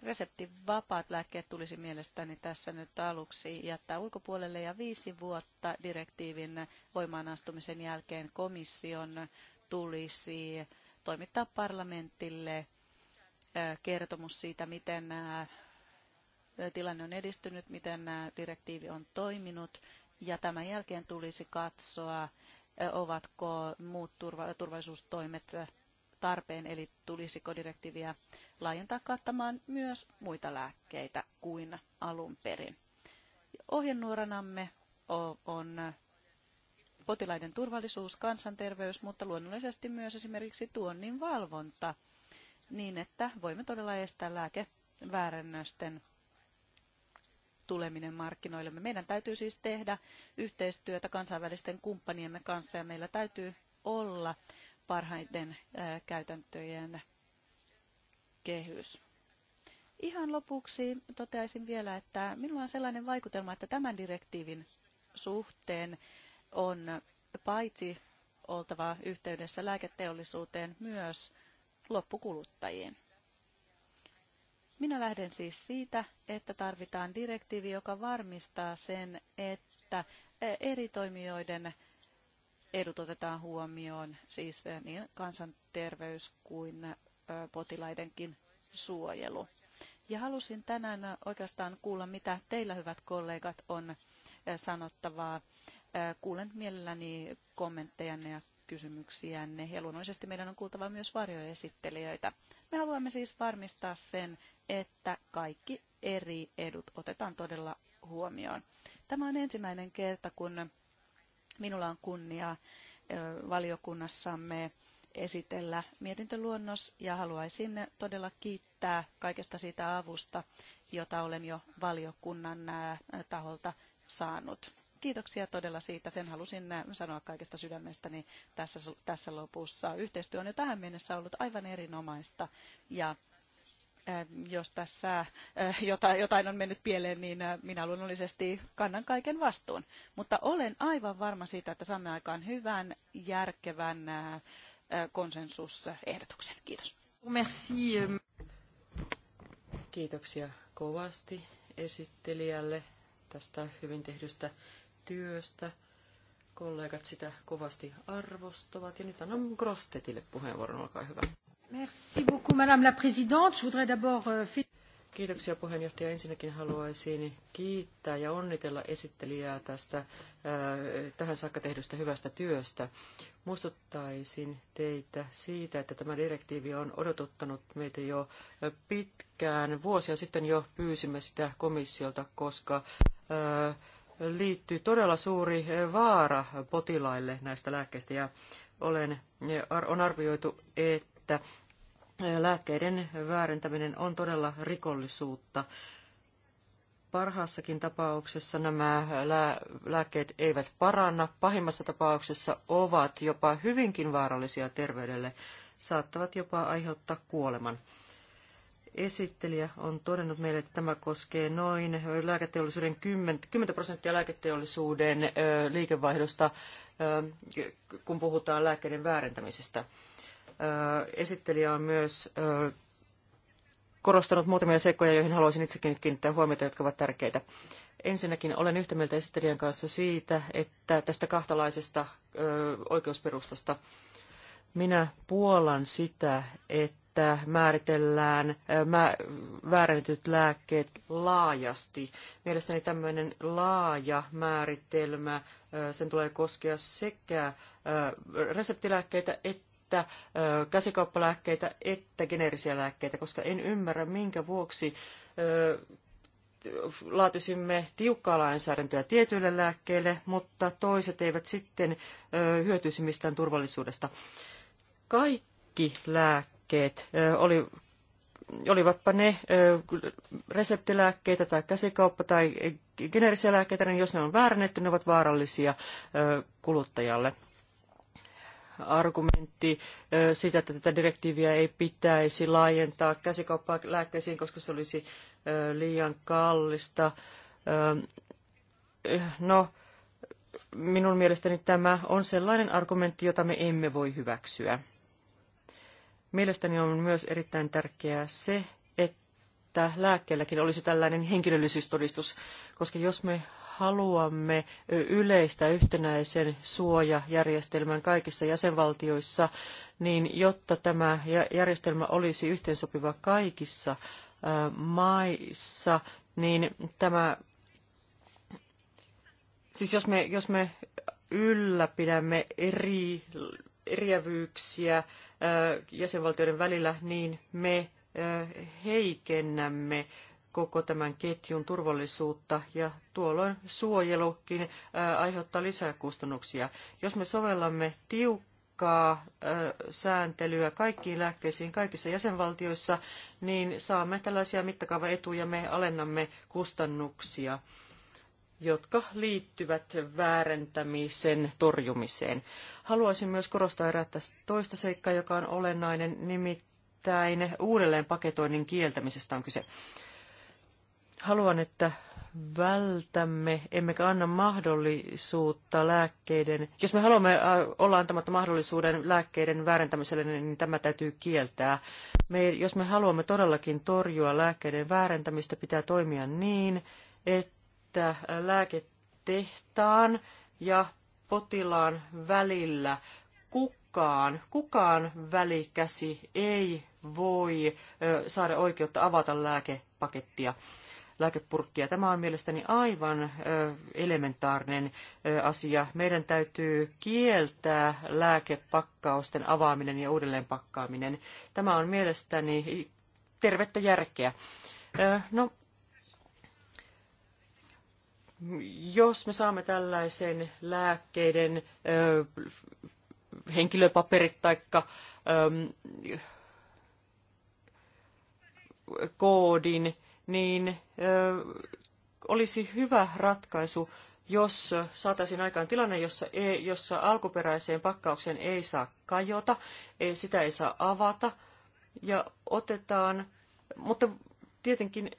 Reseptivapaat lääkkeet tulisi mielestäni tässä nyt aluksi jättää ulkopuolelle ja viisi vuotta direktiivin voimaanastumisen jälkeen komission tulisi toimittaa parlamentille kertomus siitä, miten tilanne on edistynyt, miten direktiivi on toiminut. Ja tämän jälkeen tulisi katsoa, ovatko muut turvallisuustoimet tarpeen, eli tulisiko direktiiviä laajentaa kattamaan myös muita lääkkeitä kuin alun perin. Ohjenuoranamme on potilaiden turvallisuus, kansanterveys, mutta luonnollisesti myös esimerkiksi tuonnin valvonta niin, että voimme todella estää lääkeväärennösten tuleminen markkinoille Meidän täytyy siis tehdä yhteistyötä kansainvälisten kumppaniemme kanssa ja meillä täytyy olla parhaiden käytäntöjen kehys. Ihan lopuksi toteaisin vielä, että minulla on sellainen vaikutelma, että tämän direktiivin suhteen on paitsi oltava yhteydessä lääketeollisuuteen myös loppukuluttajiin. Minä lähden siis siitä, että tarvitaan direktiivi, joka varmistaa sen, että eri toimijoiden edut otetaan huomioon, siis niin kansanterveys kuin potilaidenkin suojelu. Ja halusin tänään oikeastaan kuulla, mitä teillä hyvät kollegat on sanottavaa. Kuulen mielelläni kommenttejanne ja kysymyksiänne ja luonnollisesti meidän on kuultava myös varjoesittelijöitä. Me haluamme siis varmistaa sen, että kaikki eri edut otetaan todella huomioon. Tämä on ensimmäinen kerta, kun minulla on kunnia valiokunnassamme esitellä mietintöluonnos ja haluaisin todella kiittää kaikesta siitä avusta, jota olen jo valiokunnan taholta saanut. Kiitoksia todella siitä. Sen halusin sanoa kaikesta sydämestäni tässä, tässä lopussa. Yhteistyö on jo tähän mennessä ollut aivan erinomaista ja Äh, jos tässä äh, jotain on mennyt pieleen, niin äh, minä luonnollisesti kannan kaiken vastuun. Mutta olen aivan varma siitä, että saamme aikaan hyvän, järkevän konsensusehdotuksen. Kiitos. Merci. Kiitoksia kovasti esittelijälle tästä hyvin tehdystä työstä. Kollegat sitä kovasti arvostavat. Ja nyt annan Grostetille puheenvuoron. Olkaa hyvä. Euh, Kiitoksia puheenjohtaja. Ensinnäkin haluaisin kiittää ja onnitella esittelijää tästä äh, tähän saakka tehdystä hyvästä työstä. Muistuttaisin teitä siitä, että tämä direktiivi on odotuttanut meitä jo äh, pitkään. Vuosia sitten jo pyysimme sitä komissiolta, koska äh, liittyy todella suuri vaara potilaille näistä lääkkeistä ja olen, on arvioitu, että että lääkkeiden väärentäminen on todella rikollisuutta. Parhaassakin tapauksessa nämä lääkkeet eivät paranna, pahimmassa tapauksessa ovat jopa hyvinkin vaarallisia terveydelle, saattavat jopa aiheuttaa kuoleman esittelijä on todennut meille, että tämä koskee noin lääketeollisuuden 10, prosenttia lääketeollisuuden liikevaihdosta, kun puhutaan lääkkeiden väärentämisestä. Esittelijä on myös korostanut muutamia seikkoja, joihin haluaisin itsekin kiinnittää huomiota, jotka ovat tärkeitä. Ensinnäkin olen yhtä mieltä esittelijän kanssa siitä, että tästä kahtalaisesta oikeusperustasta minä puolan sitä, että määritellään väärennetyt lääkkeet laajasti. Mielestäni tämmöinen laaja määritelmä, sen tulee koskea sekä reseptilääkkeitä että että käsikauppalääkkeitä että geneerisiä lääkkeitä, koska en ymmärrä, minkä vuoksi laatisimme tiukkaa lainsäädäntöä tietyille lääkkeille, mutta toiset eivät sitten hyötyisi mistään turvallisuudesta. Kaikki lääkkeet, oli, olivatpa ne reseptilääkkeitä tai käsikauppa tai geneerisiä lääkkeitä, niin jos ne on väärennetty, ne ovat vaarallisia kuluttajalle argumentti siitä, että tätä direktiiviä ei pitäisi laajentaa käsikauppaa lääkkeisiin, koska se olisi liian kallista. No, minun mielestäni tämä on sellainen argumentti, jota me emme voi hyväksyä. Mielestäni on myös erittäin tärkeää se, että lääkkeelläkin olisi tällainen henkilöllisyystodistus, koska jos me haluamme yleistä yhtenäisen suojajärjestelmän kaikissa jäsenvaltioissa, niin jotta tämä järjestelmä olisi yhteensopiva kaikissa maissa, niin tämä, siis jos me, jos me ylläpidämme eri, eriävyyksiä jäsenvaltioiden välillä, niin me heikennämme koko tämän ketjun turvallisuutta ja tuolloin suojelukin aiheuttaa lisää kustannuksia. Jos me sovellamme tiukkaa sääntelyä kaikkiin lääkkeisiin kaikissa jäsenvaltioissa, niin saamme tällaisia mittakaavaetuja, me alennamme kustannuksia jotka liittyvät väärentämisen torjumiseen. Haluaisin myös korostaa erää toista seikkaa, joka on olennainen, nimittäin uudelleen paketoinnin kieltämisestä on kyse haluan, että vältämme, emmekä anna mahdollisuutta lääkkeiden, jos me haluamme äh, olla antamatta mahdollisuuden lääkkeiden väärentämiselle, niin, niin tämä täytyy kieltää. Me, jos me haluamme todellakin torjua lääkkeiden väärentämistä, pitää toimia niin, että lääketehtaan ja potilaan välillä kukaan, kukaan välikäsi ei voi saada oikeutta avata lääkepakettia lääkepurkkia. Tämä on mielestäni aivan elementaarinen asia. Meidän täytyy kieltää lääkepakkausten avaaminen ja uudelleenpakkaaminen. Tämä on mielestäni tervettä järkeä. No, jos me saamme tällaisen lääkkeiden henkilöpaperit tai koodin, niin olisi hyvä ratkaisu, jos saataisiin aikaan tilanne, jossa, ei, jossa alkuperäiseen pakkaukseen ei saa kajota, ei, sitä ei saa avata, ja otetaan, mutta tietenkin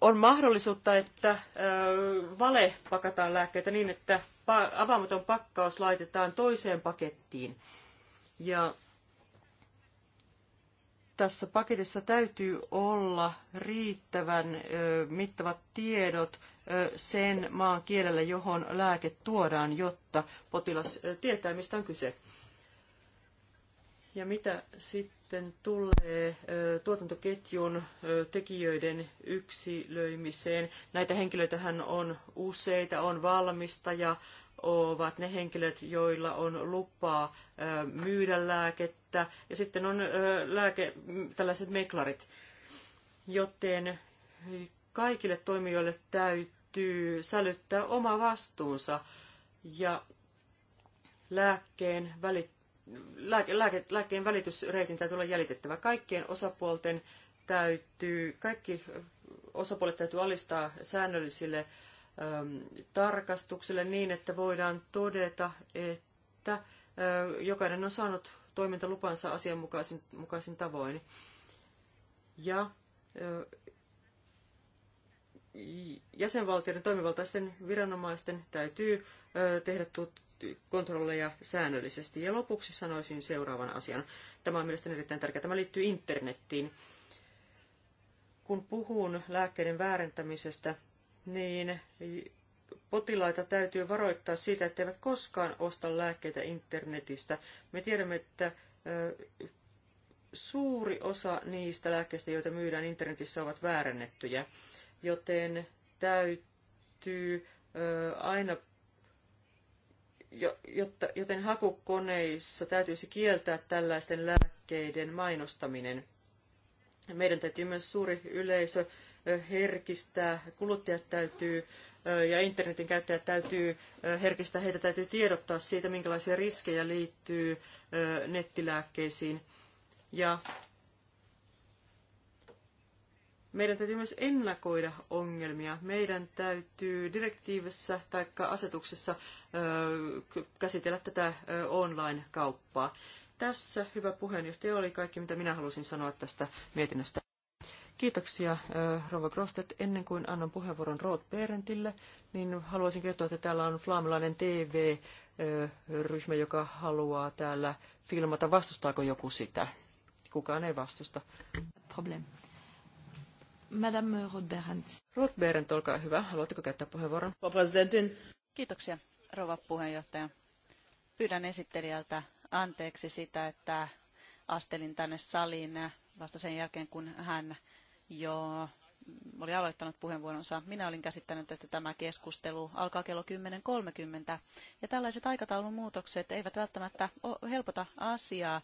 on mahdollisuutta, että vale pakataan lääkkeitä niin, että avaamaton pakkaus laitetaan toiseen pakettiin. Ja tässä paketissa täytyy olla riittävän mittavat tiedot sen maan kielellä, johon lääke tuodaan, jotta potilas tietää, mistä on kyse. Ja mitä sitten tulee tuotantoketjun tekijöiden yksilöimiseen? Näitä henkilöitähän on useita, on valmistaja, ovat ne henkilöt, joilla on lupaa myydä lääkettä, ja sitten on lääke, tällaiset meklarit. Joten kaikille toimijoille täytyy sälyttää oma vastuunsa, ja lääkkeen, välit, lääke, lääke, lääkkeen välitysreitin täytyy olla jäljitettävä. Kaikkien osapuolten täytyy, kaikki osapuolet täytyy alistaa säännöllisille tarkastukselle niin, että voidaan todeta, että jokainen on saanut toimintalupansa asianmukaisin mukaisin tavoin. Ja jäsenvaltioiden toimivaltaisten viranomaisten täytyy tehdä kontrolleja säännöllisesti. Ja lopuksi sanoisin seuraavan asian. Tämä on mielestäni erittäin tärkeä. Tämä liittyy internettiin. Kun puhun lääkkeiden väärentämisestä, niin potilaita täytyy varoittaa siitä, etteivät koskaan osta lääkkeitä internetistä. Me tiedämme, että suuri osa niistä lääkkeistä, joita myydään internetissä, ovat väärennettyjä, joten täytyy aina Jotta, joten hakukoneissa täytyisi kieltää tällaisten lääkkeiden mainostaminen. Meidän täytyy myös suuri yleisö herkistää, kuluttajat täytyy ja internetin käyttäjät täytyy herkistää, heitä täytyy tiedottaa siitä, minkälaisia riskejä liittyy nettilääkkeisiin. Ja meidän täytyy myös ennakoida ongelmia. Meidän täytyy direktiivissä tai asetuksessa käsitellä tätä online-kauppaa. Tässä, hyvä puheenjohtaja, oli kaikki, mitä minä halusin sanoa tästä mietinnöstä. Kiitoksia, Rova Grostet. Ennen kuin annan puheenvuoron Root Perentille, niin haluaisin kertoa, että täällä on flaamilainen TV-ryhmä, joka haluaa täällä filmata. Vastustaako joku sitä? Kukaan ei vastusta. Problem. Madame Rothberent. Rothberent, olkaa hyvä. Haluatteko käyttää puheenvuoron? Presidentin. Kiitoksia, rouva puheenjohtaja. Pyydän esittelijältä anteeksi sitä, että astelin tänne saliin vasta sen jälkeen, kun hän Joo, oli aloittanut puheenvuoronsa. Minä olin käsittänyt, että tämä keskustelu alkaa kello 10.30. Ja tällaiset aikataulun muutokset eivät välttämättä helpota asiaa,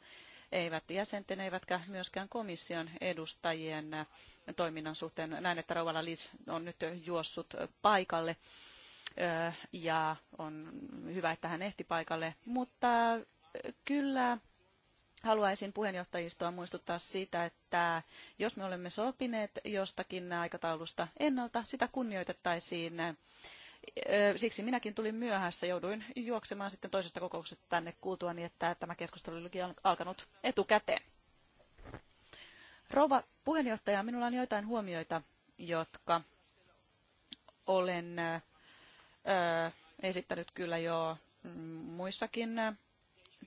eivät jäsenten eivätkä myöskään komission edustajien toiminnan suhteen. Näin, että Rauvala Liis on nyt juossut paikalle ja on hyvä, että hän ehti paikalle, mutta kyllä haluaisin puheenjohtajistoa muistuttaa siitä, että jos me olemme sopineet jostakin aikataulusta ennalta, sitä kunnioitettaisiin. Siksi minäkin tulin myöhässä, jouduin juoksemaan sitten toisesta kokouksesta tänne kuultua, niin että tämä keskustelu olikin alkanut etukäteen. Rouva puheenjohtaja, minulla on joitain huomioita, jotka olen esittänyt kyllä jo mm, muissakin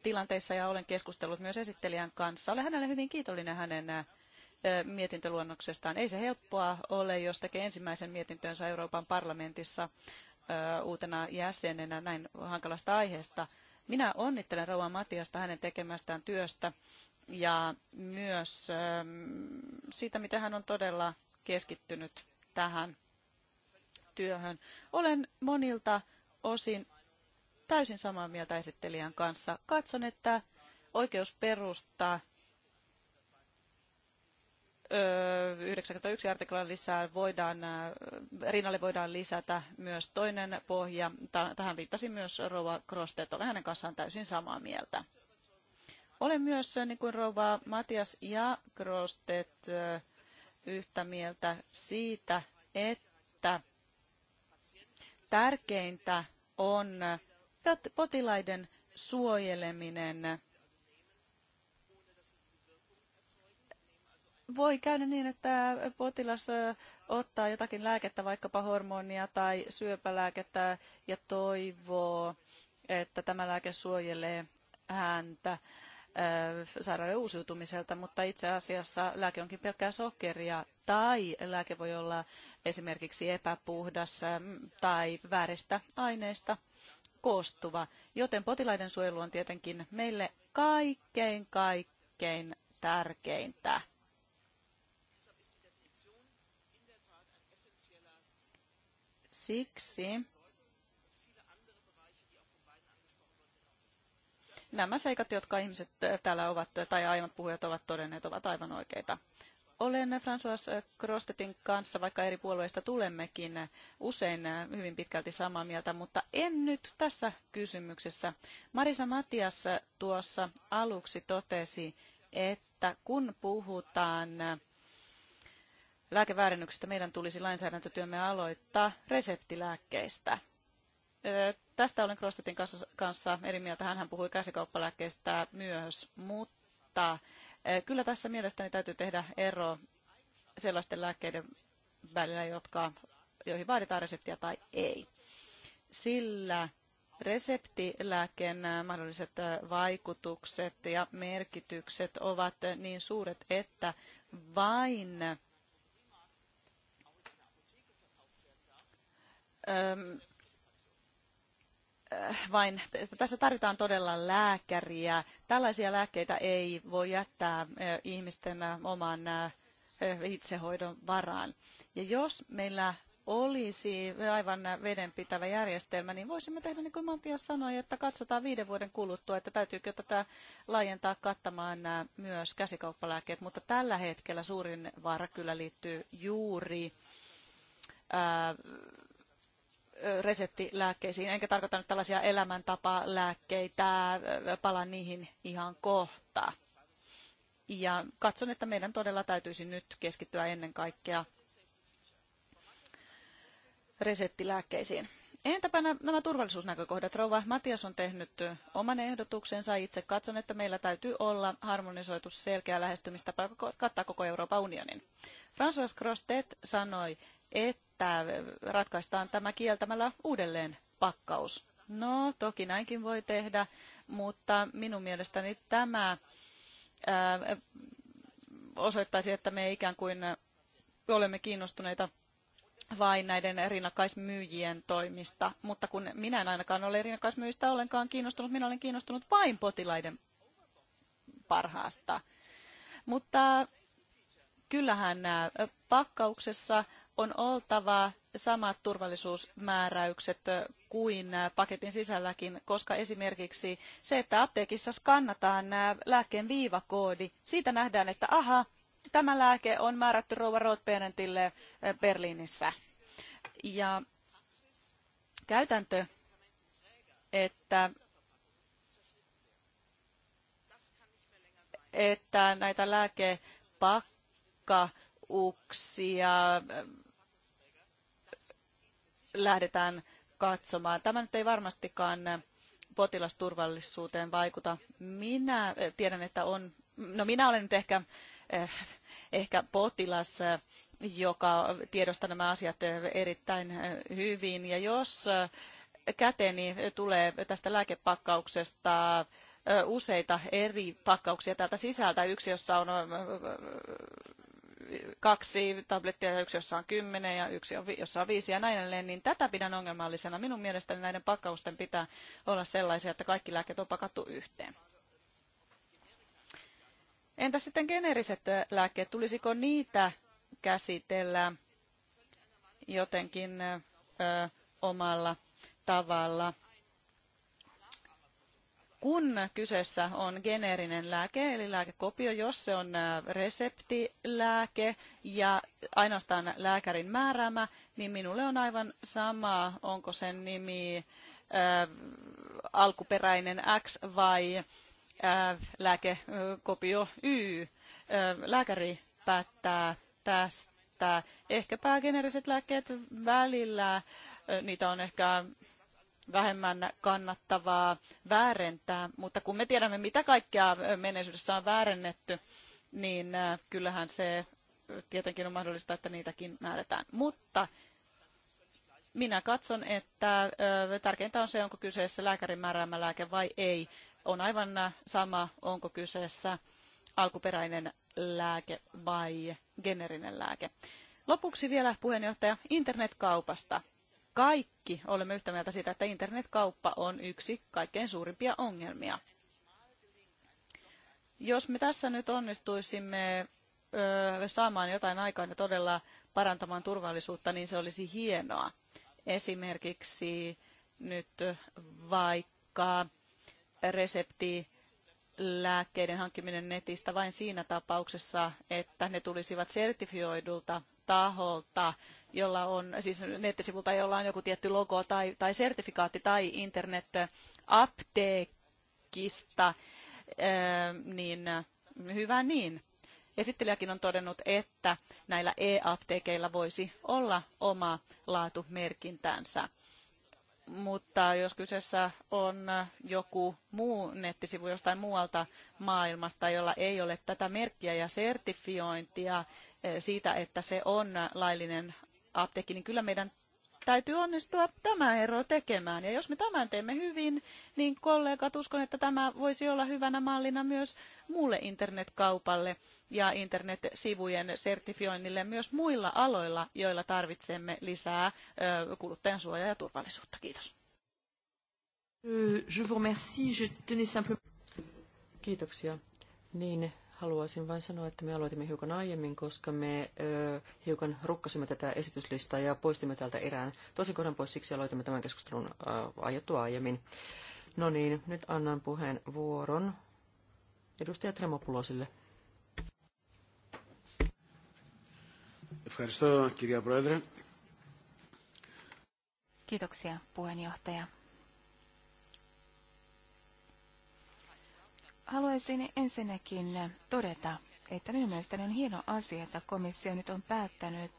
tilanteissa ja olen keskustellut myös esittelijän kanssa. Olen hänelle hyvin kiitollinen hänen äh, mietintöluonnoksestaan. Ei se helppoa ole, jos tekee ensimmäisen mietintönsä Euroopan parlamentissa äh, uutena jäsenenä näin hankalasta aiheesta. Minä onnittelen Rauha Matiasta hänen tekemästään työstä ja myös ähm, siitä, miten hän on todella keskittynyt tähän työhön. Olen monilta osin täysin samaa mieltä esittelijän kanssa. Katson, että oikeus perustaa 91 artiklan lisää voidaan, rinnalle voidaan lisätä myös toinen pohja. Tähän viittasi myös Rova Krosteet. Olen hänen kanssaan täysin samaa mieltä. Olen myös, niin kuin Rova Matias ja Krosteet, yhtä mieltä siitä, että tärkeintä on potilaiden suojeleminen voi käydä niin, että potilas ottaa jotakin lääkettä, vaikkapa hormonia tai syöpälääkettä ja toivoo, että tämä lääke suojelee häntä sairauden uusiutumiselta, mutta itse asiassa lääke onkin pelkkää sokeria tai lääke voi olla esimerkiksi epäpuhdas tai vääristä aineista koostuva, joten potilaiden suojelu on tietenkin meille kaikkein kaikkein tärkeintä. Siksi nämä seikat, jotka ihmiset täällä ovat tai aiemmat puhujat ovat todenneet, ovat aivan oikeita. Olen François Grostetin kanssa, vaikka eri puolueista tulemmekin, usein hyvin pitkälti samaa mieltä, mutta en nyt tässä kysymyksessä. Marisa Matias tuossa aluksi totesi, että kun puhutaan lääkeväärennyksistä, meidän tulisi lainsäädäntötyömme aloittaa reseptilääkkeistä. Tästä olen Krostetin kanssa eri mieltä. Hän puhui käsikauppalääkkeistä myös, mutta Eh, kyllä tässä mielestäni täytyy tehdä ero sellaisten lääkkeiden välillä, jotka, joihin vaaditaan reseptiä tai ei. Sillä reseptilääkkeen eh, mahdolliset eh, vaikutukset ja merkitykset ovat niin suuret, että vain ehm, Äh, vain, tässä tarvitaan todella lääkäriä. Tällaisia lääkkeitä ei voi jättää äh, ihmisten äh, oman itsehoidon varaan. Ja jos meillä olisi aivan vedenpitävä järjestelmä, niin voisimme tehdä niin kuin Mattias sanoi, että katsotaan viiden vuoden kuluttua, että täytyykö tätä laajentaa kattamaan myös käsikauppalääkkeet. Mutta tällä hetkellä suurin vaara kyllä liittyy juuri ää, reseptilääkkeisiin, enkä tarkoita tällaisia elämäntapalääkkeitä, palaan niihin ihan kohta. Ja katson, että meidän todella täytyisi nyt keskittyä ennen kaikkea reseptilääkkeisiin. Entäpä nämä turvallisuusnäkökohdat? Rouva Matias on tehnyt oman ehdotuksensa. Itse katson, että meillä täytyy olla harmonisoitu selkeä lähestymistapa, joka kattaa koko Euroopan unionin. François Crostet sanoi, että ratkaistaan tämä kieltämällä uudelleen pakkaus. No, toki näinkin voi tehdä, mutta minun mielestäni tämä ää, äh, osoittaisi, että me ikään kuin olemme kiinnostuneita vain näiden rinnakkaismyyjien toimista, mutta kun minä en ainakaan ole rinnakkaismyyjistä ollenkaan kiinnostunut, minä olen kiinnostunut vain potilaiden parhaasta. Mutta kyllähän äh, pakkauksessa on oltava samat turvallisuusmääräykset kuin paketin sisälläkin, koska esimerkiksi se, että apteekissa skannataan lääkkeen viivakoodi, siitä nähdään, että aha, tämä lääke on määrätty rouva Rothberentille Berliinissä. Ja käytäntö, että että näitä lääkepakkauksia lähdetään katsomaan. Tämä nyt ei varmastikaan potilasturvallisuuteen vaikuta. Minä eh, tiedän, että on, no minä olen nyt ehkä, eh, ehkä potilas, eh, joka tiedostaa nämä asiat erittäin hyvin. Ja jos käteeni tulee tästä lääkepakkauksesta useita eri pakkauksia täältä sisältä, yksi jossa on kaksi tablettia ja yksi, jossa on kymmenen ja yksi, jossa on viisi ja näin edelleen, niin tätä pidän ongelmallisena. Minun mielestäni näiden pakkausten pitää olla sellaisia, että kaikki lääkkeet on pakattu yhteen. Entä sitten geneeriset lääkkeet? Tulisiko niitä käsitellä jotenkin ö, omalla tavalla? kun kyseessä on geneerinen lääke, eli lääkekopio, jos se on reseptilääke ja ainoastaan lääkärin määräämä, niin minulle on aivan sama, onko sen nimi äh, alkuperäinen X vai äh, lääkekopio Y. Äh, lääkäri päättää tästä. Ehkäpä geneeriset lääkkeet välillä, äh, niitä on ehkä vähemmän kannattavaa väärentää, mutta kun me tiedämme, mitä kaikkea menneisyydessä on väärennetty, niin äh, kyllähän se tietenkin on mahdollista, että niitäkin määrätään. Mutta minä katson, että äh, tärkeintä on se, onko kyseessä lääkärin määräämä lääke vai ei. On aivan äh, sama, onko kyseessä alkuperäinen lääke vai generinen lääke. Lopuksi vielä puheenjohtaja internetkaupasta kaikki olemme yhtä mieltä siitä, että internetkauppa on yksi kaikkein suurimpia ongelmia. Jos me tässä nyt onnistuisimme saamaan jotain aikaan ja todella parantamaan turvallisuutta, niin se olisi hienoa. Esimerkiksi nyt vaikka resepti lääkkeiden hankkiminen netistä vain siinä tapauksessa, että ne tulisivat sertifioidulta taholta, jolla on, siis nettisivulta, jolla on joku tietty logo tai, tai sertifikaatti tai internet-apteekista, niin mm, hyvä niin. Esittelijäkin on todennut, että näillä e-apteekeilla voisi olla oma laatumerkintänsä. Mutta jos kyseessä on joku muu nettisivu jostain muualta maailmasta, jolla ei ole tätä merkkiä ja sertifiointia siitä, että se on laillinen apteekki, niin kyllä meidän täytyy onnistua tämä ero tekemään. Ja jos me tämän teemme hyvin, niin kollegat, uskon, että tämä voisi olla hyvänä mallina myös muulle internetkaupalle ja internetsivujen sertifioinnille myös muilla aloilla, joilla tarvitsemme lisää kuluttajan suojaa ja turvallisuutta. Kiitos. Euh, Kiitoksia. Niin, Haluaisin vain sanoa, että me aloitimme hiukan aiemmin, koska me ö, hiukan rukkasimme tätä esityslistaa ja poistimme täältä erään tosi kohdan pois, siksi aloitimme tämän keskustelun ö, aiottua aiemmin. No niin, nyt annan puheen vuoron edustaja Tremopulosille. Kiitoksia, puheenjohtaja. Haluaisin ensinnäkin todeta, että minun mielestäni on hieno asia, että komissio nyt on päättänyt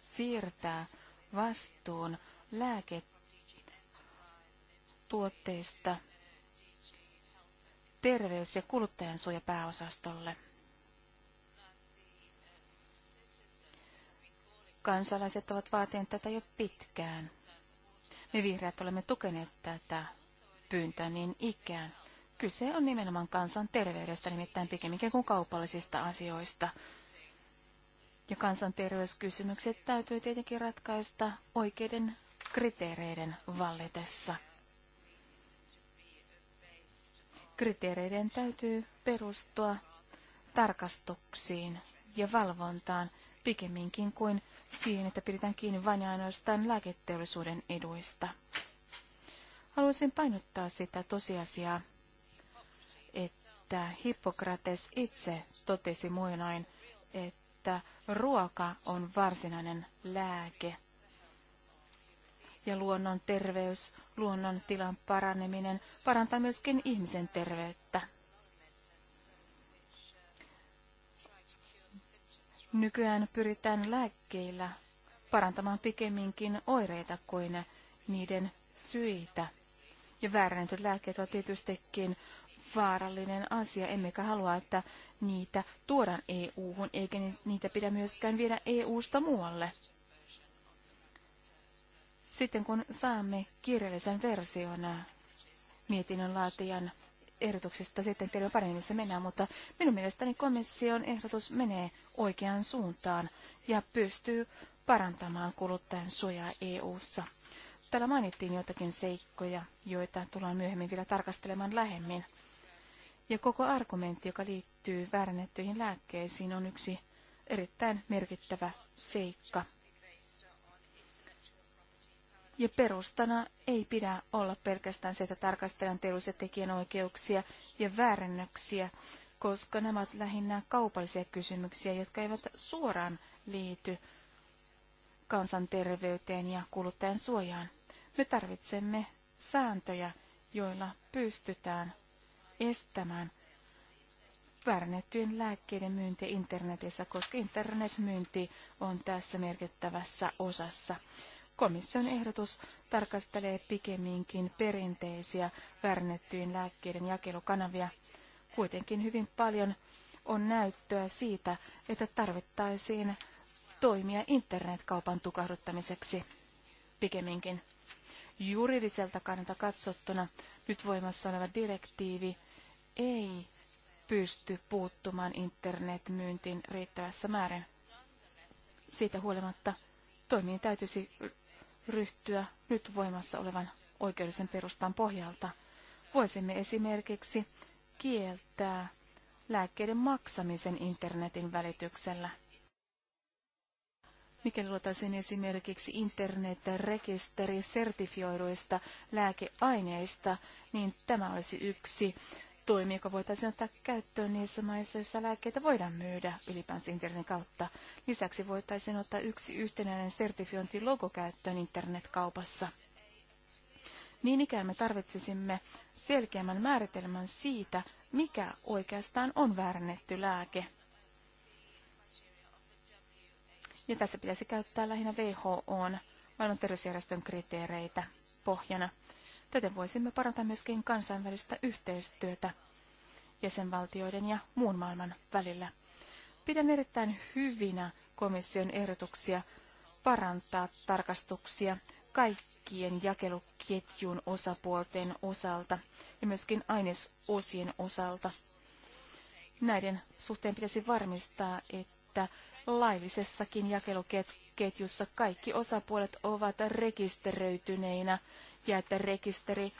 siirtää vastuun lääketuotteista terveys- ja kuluttajansuojapääosastolle. Kansalaiset ovat vaatineet tätä jo pitkään. Me vihreät olemme tukeneet tätä pyyntöä niin ikään. Kyse on nimenomaan kansan terveydestä, nimittäin pikemminkin kuin kaupallisista asioista. Ja kansanterveyskysymykset täytyy tietenkin ratkaista oikeiden kriteereiden vallitessa. Kriteereiden täytyy perustua tarkastuksiin ja valvontaan pikemminkin kuin siihen, että pidetään kiinni vain ja ainoastaan lääketeollisuuden eduista. Haluaisin painottaa sitä tosiasiaa, että Hippokrates itse totesi muinoin, että ruoka on varsinainen lääke. Ja luonnon terveys, luonnon tilan paraneminen parantaa myöskin ihmisen terveyttä. Nykyään pyritään lääkkeillä parantamaan pikemminkin oireita kuin niiden syitä. Ja väärännetyt lääkkeet ovat tietystikin vaarallinen asia, emmekä halua, että niitä tuodaan EU-hun, eikä niitä pidä myöskään viedä EU-sta muualle. Sitten kun saamme kirjallisen version mietinnön laatijan ehdotuksista, sitten tiedämme paremmin, missä mennään, mutta minun mielestäni komission ehdotus menee oikeaan suuntaan ja pystyy parantamaan kuluttajan suojaa EU-ssa. Täällä mainittiin joitakin seikkoja, joita tullaan myöhemmin vielä tarkastelemaan lähemmin. Ja koko argumentti, joka liittyy väärennettyihin lääkkeisiin, on yksi erittäin merkittävä seikka. Ja perustana ei pidä olla pelkästään se, että tarkastellaan teollisia tekijänoikeuksia ja väärennöksiä, koska nämä ovat lähinnä kaupallisia kysymyksiä, jotka eivät suoraan liity kansanterveyteen ja kuluttajan suojaan. Me tarvitsemme sääntöjä, joilla pystytään estämään väärennettyjen lääkkeiden myynti internetissä, koska internetmyynti on tässä merkittävässä osassa. Komission ehdotus tarkastelee pikemminkin perinteisiä väärennettyjen lääkkeiden jakelukanavia. Kuitenkin hyvin paljon on näyttöä siitä, että tarvittaisiin toimia internetkaupan tukahduttamiseksi pikemminkin. Juridiselta kannalta katsottuna nyt voimassa oleva direktiivi ei pysty puuttumaan internetmyyntiin riittävässä määrin. Siitä huolimatta toimiin täytyisi ryhtyä nyt voimassa olevan oikeudellisen perustan pohjalta. Voisimme esimerkiksi kieltää lääkkeiden maksamisen internetin välityksellä. Mikäli luotaisiin esimerkiksi internetrekisteri sertifioiduista lääkeaineista, niin tämä olisi yksi toimi, joka voitaisiin ottaa käyttöön niissä maissa, joissa lääkkeitä voidaan myydä ylipäänsä internetin kautta. Lisäksi voitaisiin ottaa yksi yhtenäinen sertifiointilogo käyttöön internetkaupassa. Niin ikään me tarvitsisimme selkeämmän määritelmän siitä, mikä oikeastaan on väärennetty lääke. Ja tässä pitäisi käyttää lähinnä WHOn, maailman terveysjärjestön kriteereitä pohjana. Täten voisimme parantaa myöskin kansainvälistä yhteistyötä jäsenvaltioiden ja muun maailman välillä. Pidän erittäin hyvinä komission ehdotuksia parantaa tarkastuksia kaikkien jakeluketjun osapuolten osalta ja myöskin ainesosien osalta. Näiden suhteen pitäisi varmistaa, että laillisessakin jakeluketjussa kaikki osapuolet ovat rekisteröityneinä ja rekisteri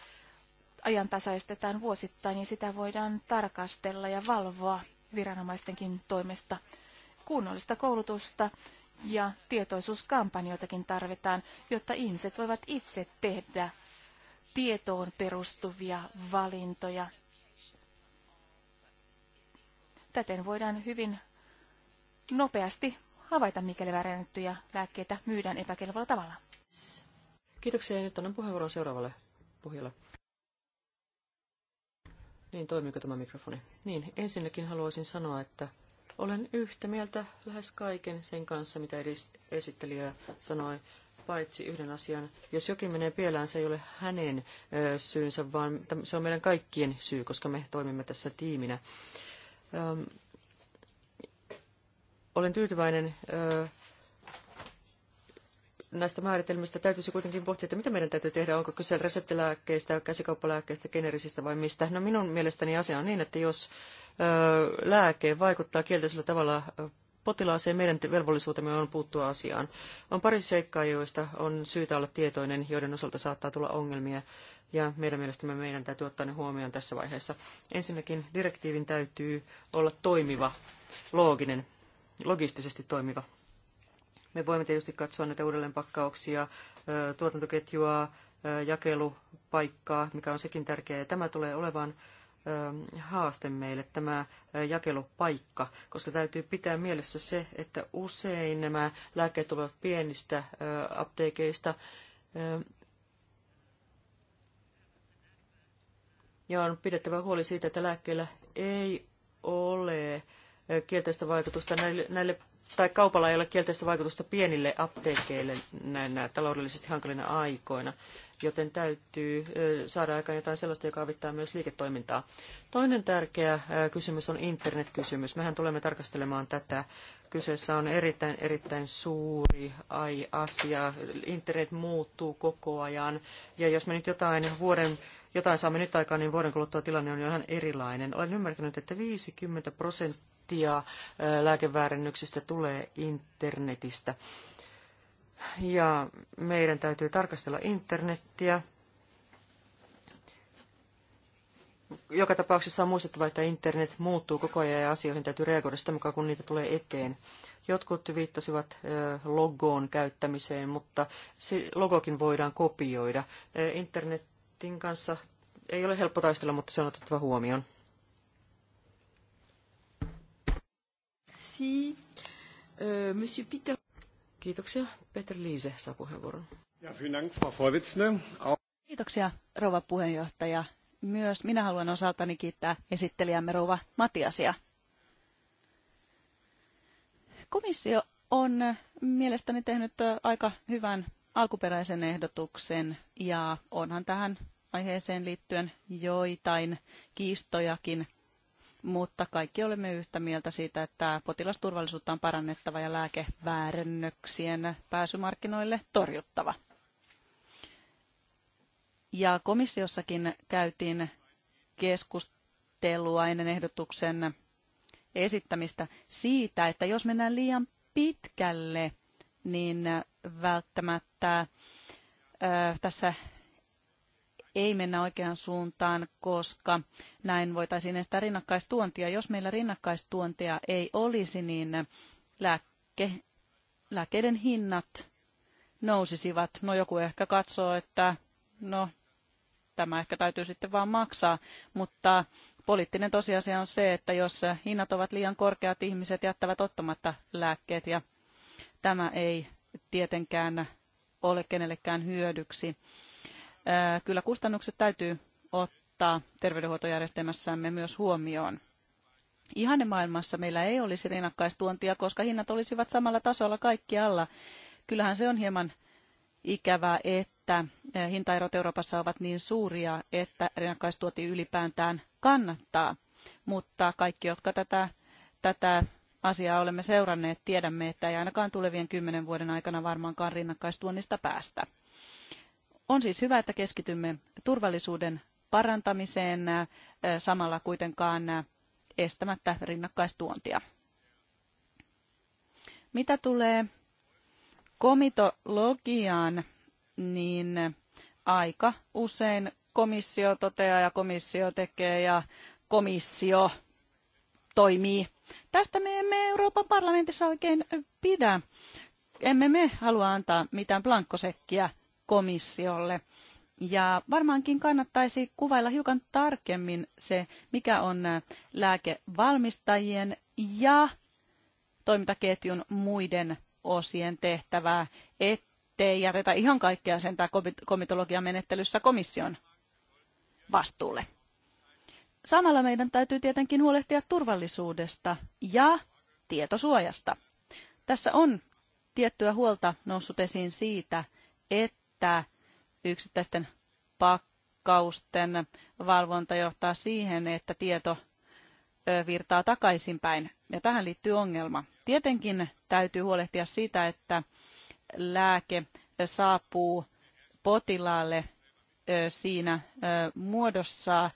ajantasaistetaan vuosittain ja sitä voidaan tarkastella ja valvoa viranomaistenkin toimesta. Kunnollista koulutusta ja tietoisuuskampanjoitakin tarvitaan, jotta ihmiset voivat itse tehdä tietoon perustuvia valintoja. Täten voidaan hyvin nopeasti havaita, mikäli väärennettyjä lääkkeitä myydään epäkelvolla tavalla. Kiitoksia ja nyt annan puheenvuoron seuraavalle puhujalle. Niin, toimiiko tämä mikrofoni? Niin, ensinnäkin haluaisin sanoa, että olen yhtä mieltä lähes kaiken sen kanssa, mitä esittelijä sanoi, paitsi yhden asian. Jos jokin menee pielään, se ei ole hänen syynsä, vaan se on meidän kaikkien syy, koska me toimimme tässä tiiminä. Olen tyytyväinen näistä määritelmistä täytyisi kuitenkin pohtia, että mitä meidän täytyy tehdä, onko kyse reseptilääkkeistä, käsikauppalääkkeistä, generisistä vai mistä. No minun mielestäni asia on niin, että jos lääke vaikuttaa kielteisellä tavalla potilaaseen, meidän velvollisuutemme on puuttua asiaan. On pari seikkaa, joista on syytä olla tietoinen, joiden osalta saattaa tulla ongelmia, ja meidän mielestämme meidän täytyy ottaa ne huomioon tässä vaiheessa. Ensinnäkin direktiivin täytyy olla toimiva, looginen, logistisesti toimiva me voimme tietysti katsoa näitä uudelleenpakkauksia, tuotantoketjua, jakelupaikkaa, mikä on sekin tärkeää. Tämä tulee olemaan haaste meille, tämä jakelupaikka, koska täytyy pitää mielessä se, että usein nämä lääkkeet tulevat pienistä apteekeista. Ja on pidettävä huoli siitä, että lääkkeillä ei ole kielteistä vaikutusta näille, näille tai kaupalla ei ole kielteistä vaikutusta pienille apteekeille näinä taloudellisesti hankalina aikoina, joten täytyy saada aikaan jotain sellaista, joka avittaa myös liiketoimintaa. Toinen tärkeä kysymys on internetkysymys. Mehän tulemme tarkastelemaan tätä. Kyseessä on erittäin, erittäin suuri ai, asia. Internet muuttuu koko ajan. Ja jos me nyt jotain vuoden jotain saamme nyt aikaan, niin vuoden kuluttua tilanne on jo ihan erilainen. Olen ymmärtänyt, että 50 prosenttia prosenttia lääkeväärennöksistä tulee internetistä. Ja meidän täytyy tarkastella internettiä. Joka tapauksessa on muistettava, että internet muuttuu koko ajan ja asioihin täytyy reagoida sitä mukaan, kun niitä tulee eteen. Jotkut viittasivat logoon käyttämiseen, mutta logokin voidaan kopioida. Internetin kanssa ei ole helppo taistella, mutta se on otettava huomioon. Merci. Euh, Monsieur Peter. Kiitoksia. Peter Liise saa puheenvuoron. Ja, Dank, Frau Kiitoksia, rouva puheenjohtaja. Myös minä haluan osaltani kiittää esittelijämme rouva Matiasia. Komissio on mielestäni tehnyt aika hyvän alkuperäisen ehdotuksen ja onhan tähän aiheeseen liittyen joitain kiistojakin mutta kaikki olemme yhtä mieltä siitä, että potilasturvallisuutta on parannettava ja lääkeväärennöksien pääsymarkkinoille torjuttava. Ja komissiossakin käytiin keskustelua ennen ehdotuksen esittämistä siitä, että jos mennään liian pitkälle, niin välttämättä tässä ei mennä oikeaan suuntaan, koska näin voitaisiin estää rinnakkaistuontia. Jos meillä rinnakkaistuontia ei olisi, niin lääkke, lääkkeiden hinnat nousisivat. No joku ehkä katsoo, että no tämä ehkä täytyy sitten vaan maksaa, mutta poliittinen tosiasia on se, että jos hinnat ovat liian korkeat, ihmiset jättävät ottamatta lääkkeet ja tämä ei tietenkään ole kenellekään hyödyksi kyllä kustannukset täytyy ottaa terveydenhuoltojärjestelmässämme myös huomioon. Ihanne maailmassa meillä ei olisi rinnakkaistuontia, koska hinnat olisivat samalla tasolla kaikkialla. Kyllähän se on hieman ikävää, että hintaerot Euroopassa ovat niin suuria, että rinnakkaistuoti ylipäätään kannattaa. Mutta kaikki, jotka tätä, tätä asiaa olemme seuranneet, tiedämme, että ei ainakaan tulevien kymmenen vuoden aikana varmaankaan rinnakkaistuonnista päästä. On siis hyvä, että keskitymme turvallisuuden parantamiseen samalla kuitenkaan estämättä rinnakkaistuontia. Mitä tulee komitologiaan, niin aika usein komissio toteaa ja komissio tekee ja komissio toimii. Tästä me emme Euroopan parlamentissa oikein pidä. Emme me halua antaa mitään blankkosekkiä komissiolle. Ja varmaankin kannattaisi kuvailla hiukan tarkemmin se, mikä on lääkevalmistajien ja toimintaketjun muiden osien tehtävää, ettei jätetä ihan kaikkea sen komitologian menettelyssä komission vastuulle. Samalla meidän täytyy tietenkin huolehtia turvallisuudesta ja tietosuojasta. Tässä on tiettyä huolta noussut esiin siitä, että tämä yksittäisten pakkausten valvonta johtaa siihen, että tieto virtaa takaisinpäin. Ja tähän liittyy ongelma. Tietenkin täytyy huolehtia siitä, että lääke saapuu potilaalle siinä muodossa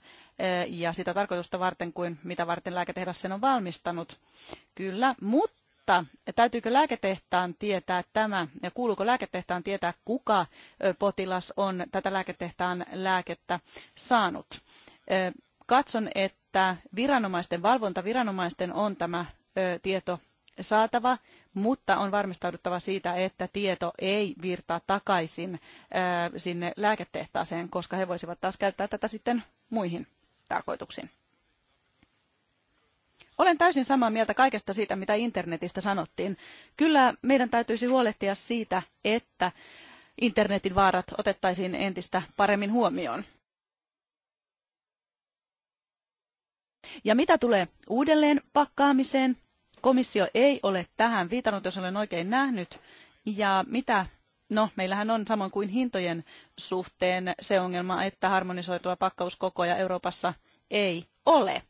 ja sitä tarkoitusta varten kuin mitä varten lääketehdas sen on valmistanut. Kyllä, mutta mutta täytyykö lääketehtaan tietää tämä ja kuuluuko lääketehtaan tietää, kuka potilas on tätä lääketehtaan lääkettä saanut? Katson, että viranomaisten valvonta viranomaisten on tämä tieto saatava, mutta on varmistauduttava siitä, että tieto ei virtaa takaisin sinne lääketehtaaseen, koska he voisivat taas käyttää tätä sitten muihin tarkoituksiin. Olen täysin samaa mieltä kaikesta siitä, mitä internetistä sanottiin. Kyllä meidän täytyisi huolehtia siitä, että internetin vaarat otettaisiin entistä paremmin huomioon. Ja mitä tulee uudelleen pakkaamiseen, komissio ei ole tähän viitannut, jos olen oikein nähnyt. Ja mitä No, meillähän on samoin kuin hintojen suhteen se ongelma, että harmonisoitua pakkauskokoja Euroopassa ei ole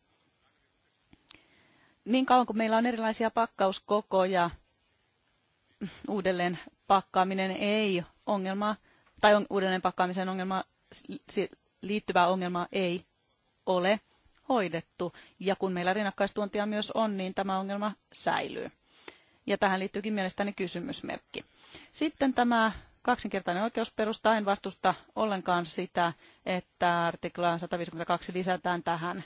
niin kauan kuin meillä on erilaisia pakkauskokoja, uudelleen pakkaaminen ei ongelma, tai on, uudelleen pakkaamisen ongelma, liittyvää ongelmaa ei ole hoidettu. Ja kun meillä rinnakkaistuontia myös on, niin tämä ongelma säilyy. Ja tähän liittyykin mielestäni kysymysmerkki. Sitten tämä kaksinkertainen oikeusperusta. En vastusta ollenkaan sitä, että artikla 152 lisätään tähän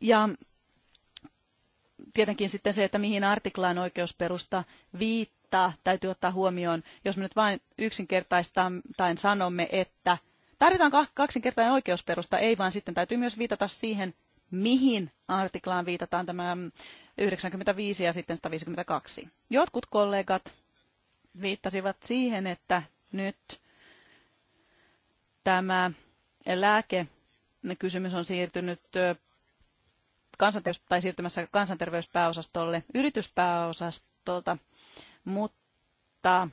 Ja tietenkin sitten se, että mihin artiklaan oikeusperusta viittaa, täytyy ottaa huomioon, jos me nyt vain yksinkertaistaen sanomme, että tarvitaan kaksinkertainen oikeusperusta, ei vaan sitten täytyy myös viitata siihen, mihin artiklaan viitataan tämä 95 ja sitten 152. Jotkut kollegat viittasivat siihen, että nyt tämä lääkekysymys kysymys on siirtynyt kansanterveys, tai siirtymässä kansanterveyspääosastolle yrityspääosastolta, mutta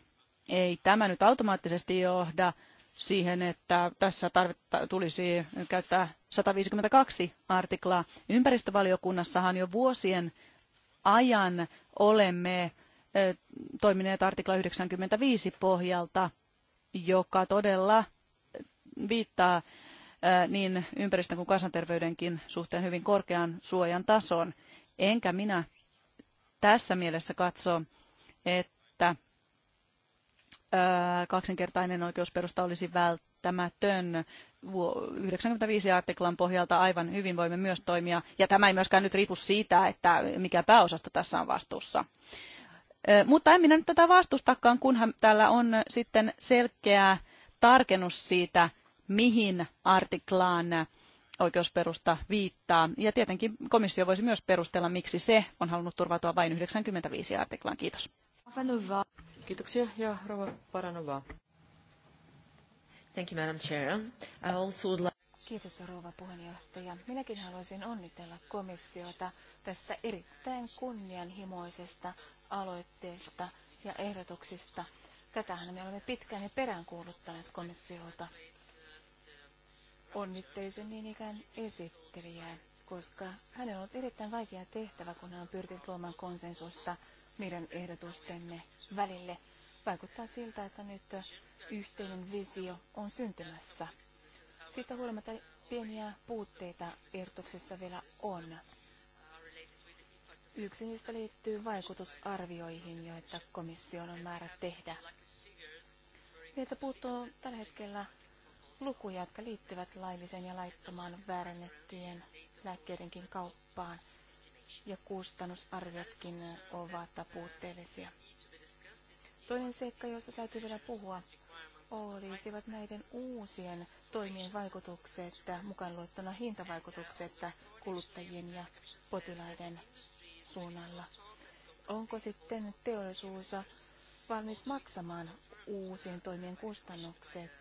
ei tämä nyt automaattisesti johda siihen, että tässä tarvetta, tulisi käyttää 152 artiklaa. Ympäristövaliokunnassahan jo vuosien ajan olemme toimineet artikla 95 pohjalta, joka todella viittaa niin ympäristön kuin kansanterveydenkin suhteen hyvin korkean suojan tason. Enkä minä tässä mielessä katso, että kaksinkertainen oikeusperusta olisi välttämätön. 95 artiklan pohjalta aivan hyvin voimme myös toimia, ja tämä ei myöskään nyt riipu siitä, että mikä pääosasto tässä on vastuussa. Mutta en minä nyt tätä vastustakaan, kunhan täällä on sitten selkeä tarkennus siitä, mihin artiklaan oikeusperusta viittaa. Ja tietenkin komissio voisi myös perustella, miksi se on halunnut turvautua vain 95 artiklaan. Kiitos. Kiitoksia ja Rova Paranova. Thank you, Madam Chair. I also would like... Kiitos rouva puheenjohtaja. Minäkin haluaisin onnitella komissiota tästä erittäin kunnianhimoisesta aloitteesta ja ehdotuksista. Tätähän me olemme pitkään ja peräänkuuluttaneet komissiolta. Onnittelisen niin ikään esittelijää, koska hänellä on ollut erittäin vaikea tehtävä, kun hän on pyrkinyt luomaan konsensusta meidän ehdotustemme välille. Vaikuttaa siltä, että nyt yhteinen visio on syntymässä. Siitä huolimatta pieniä puutteita ehdotuksessa vielä on. Yksi niistä liittyy vaikutusarvioihin, joita komission on määrä tehdä. Meiltä puuttuu tällä hetkellä lukuja, jotka liittyvät lailliseen ja laittomaan väärennettyjen lääkkeidenkin kauppaan, ja kustannusarviotkin ovat puutteellisia. Toinen seikka, josta täytyy vielä puhua, olisivat näiden uusien toimien vaikutukset, mukaan luettuna hintavaikutukset kuluttajien ja potilaiden suunnalla. Onko sitten teollisuus valmis maksamaan uusien toimien kustannukset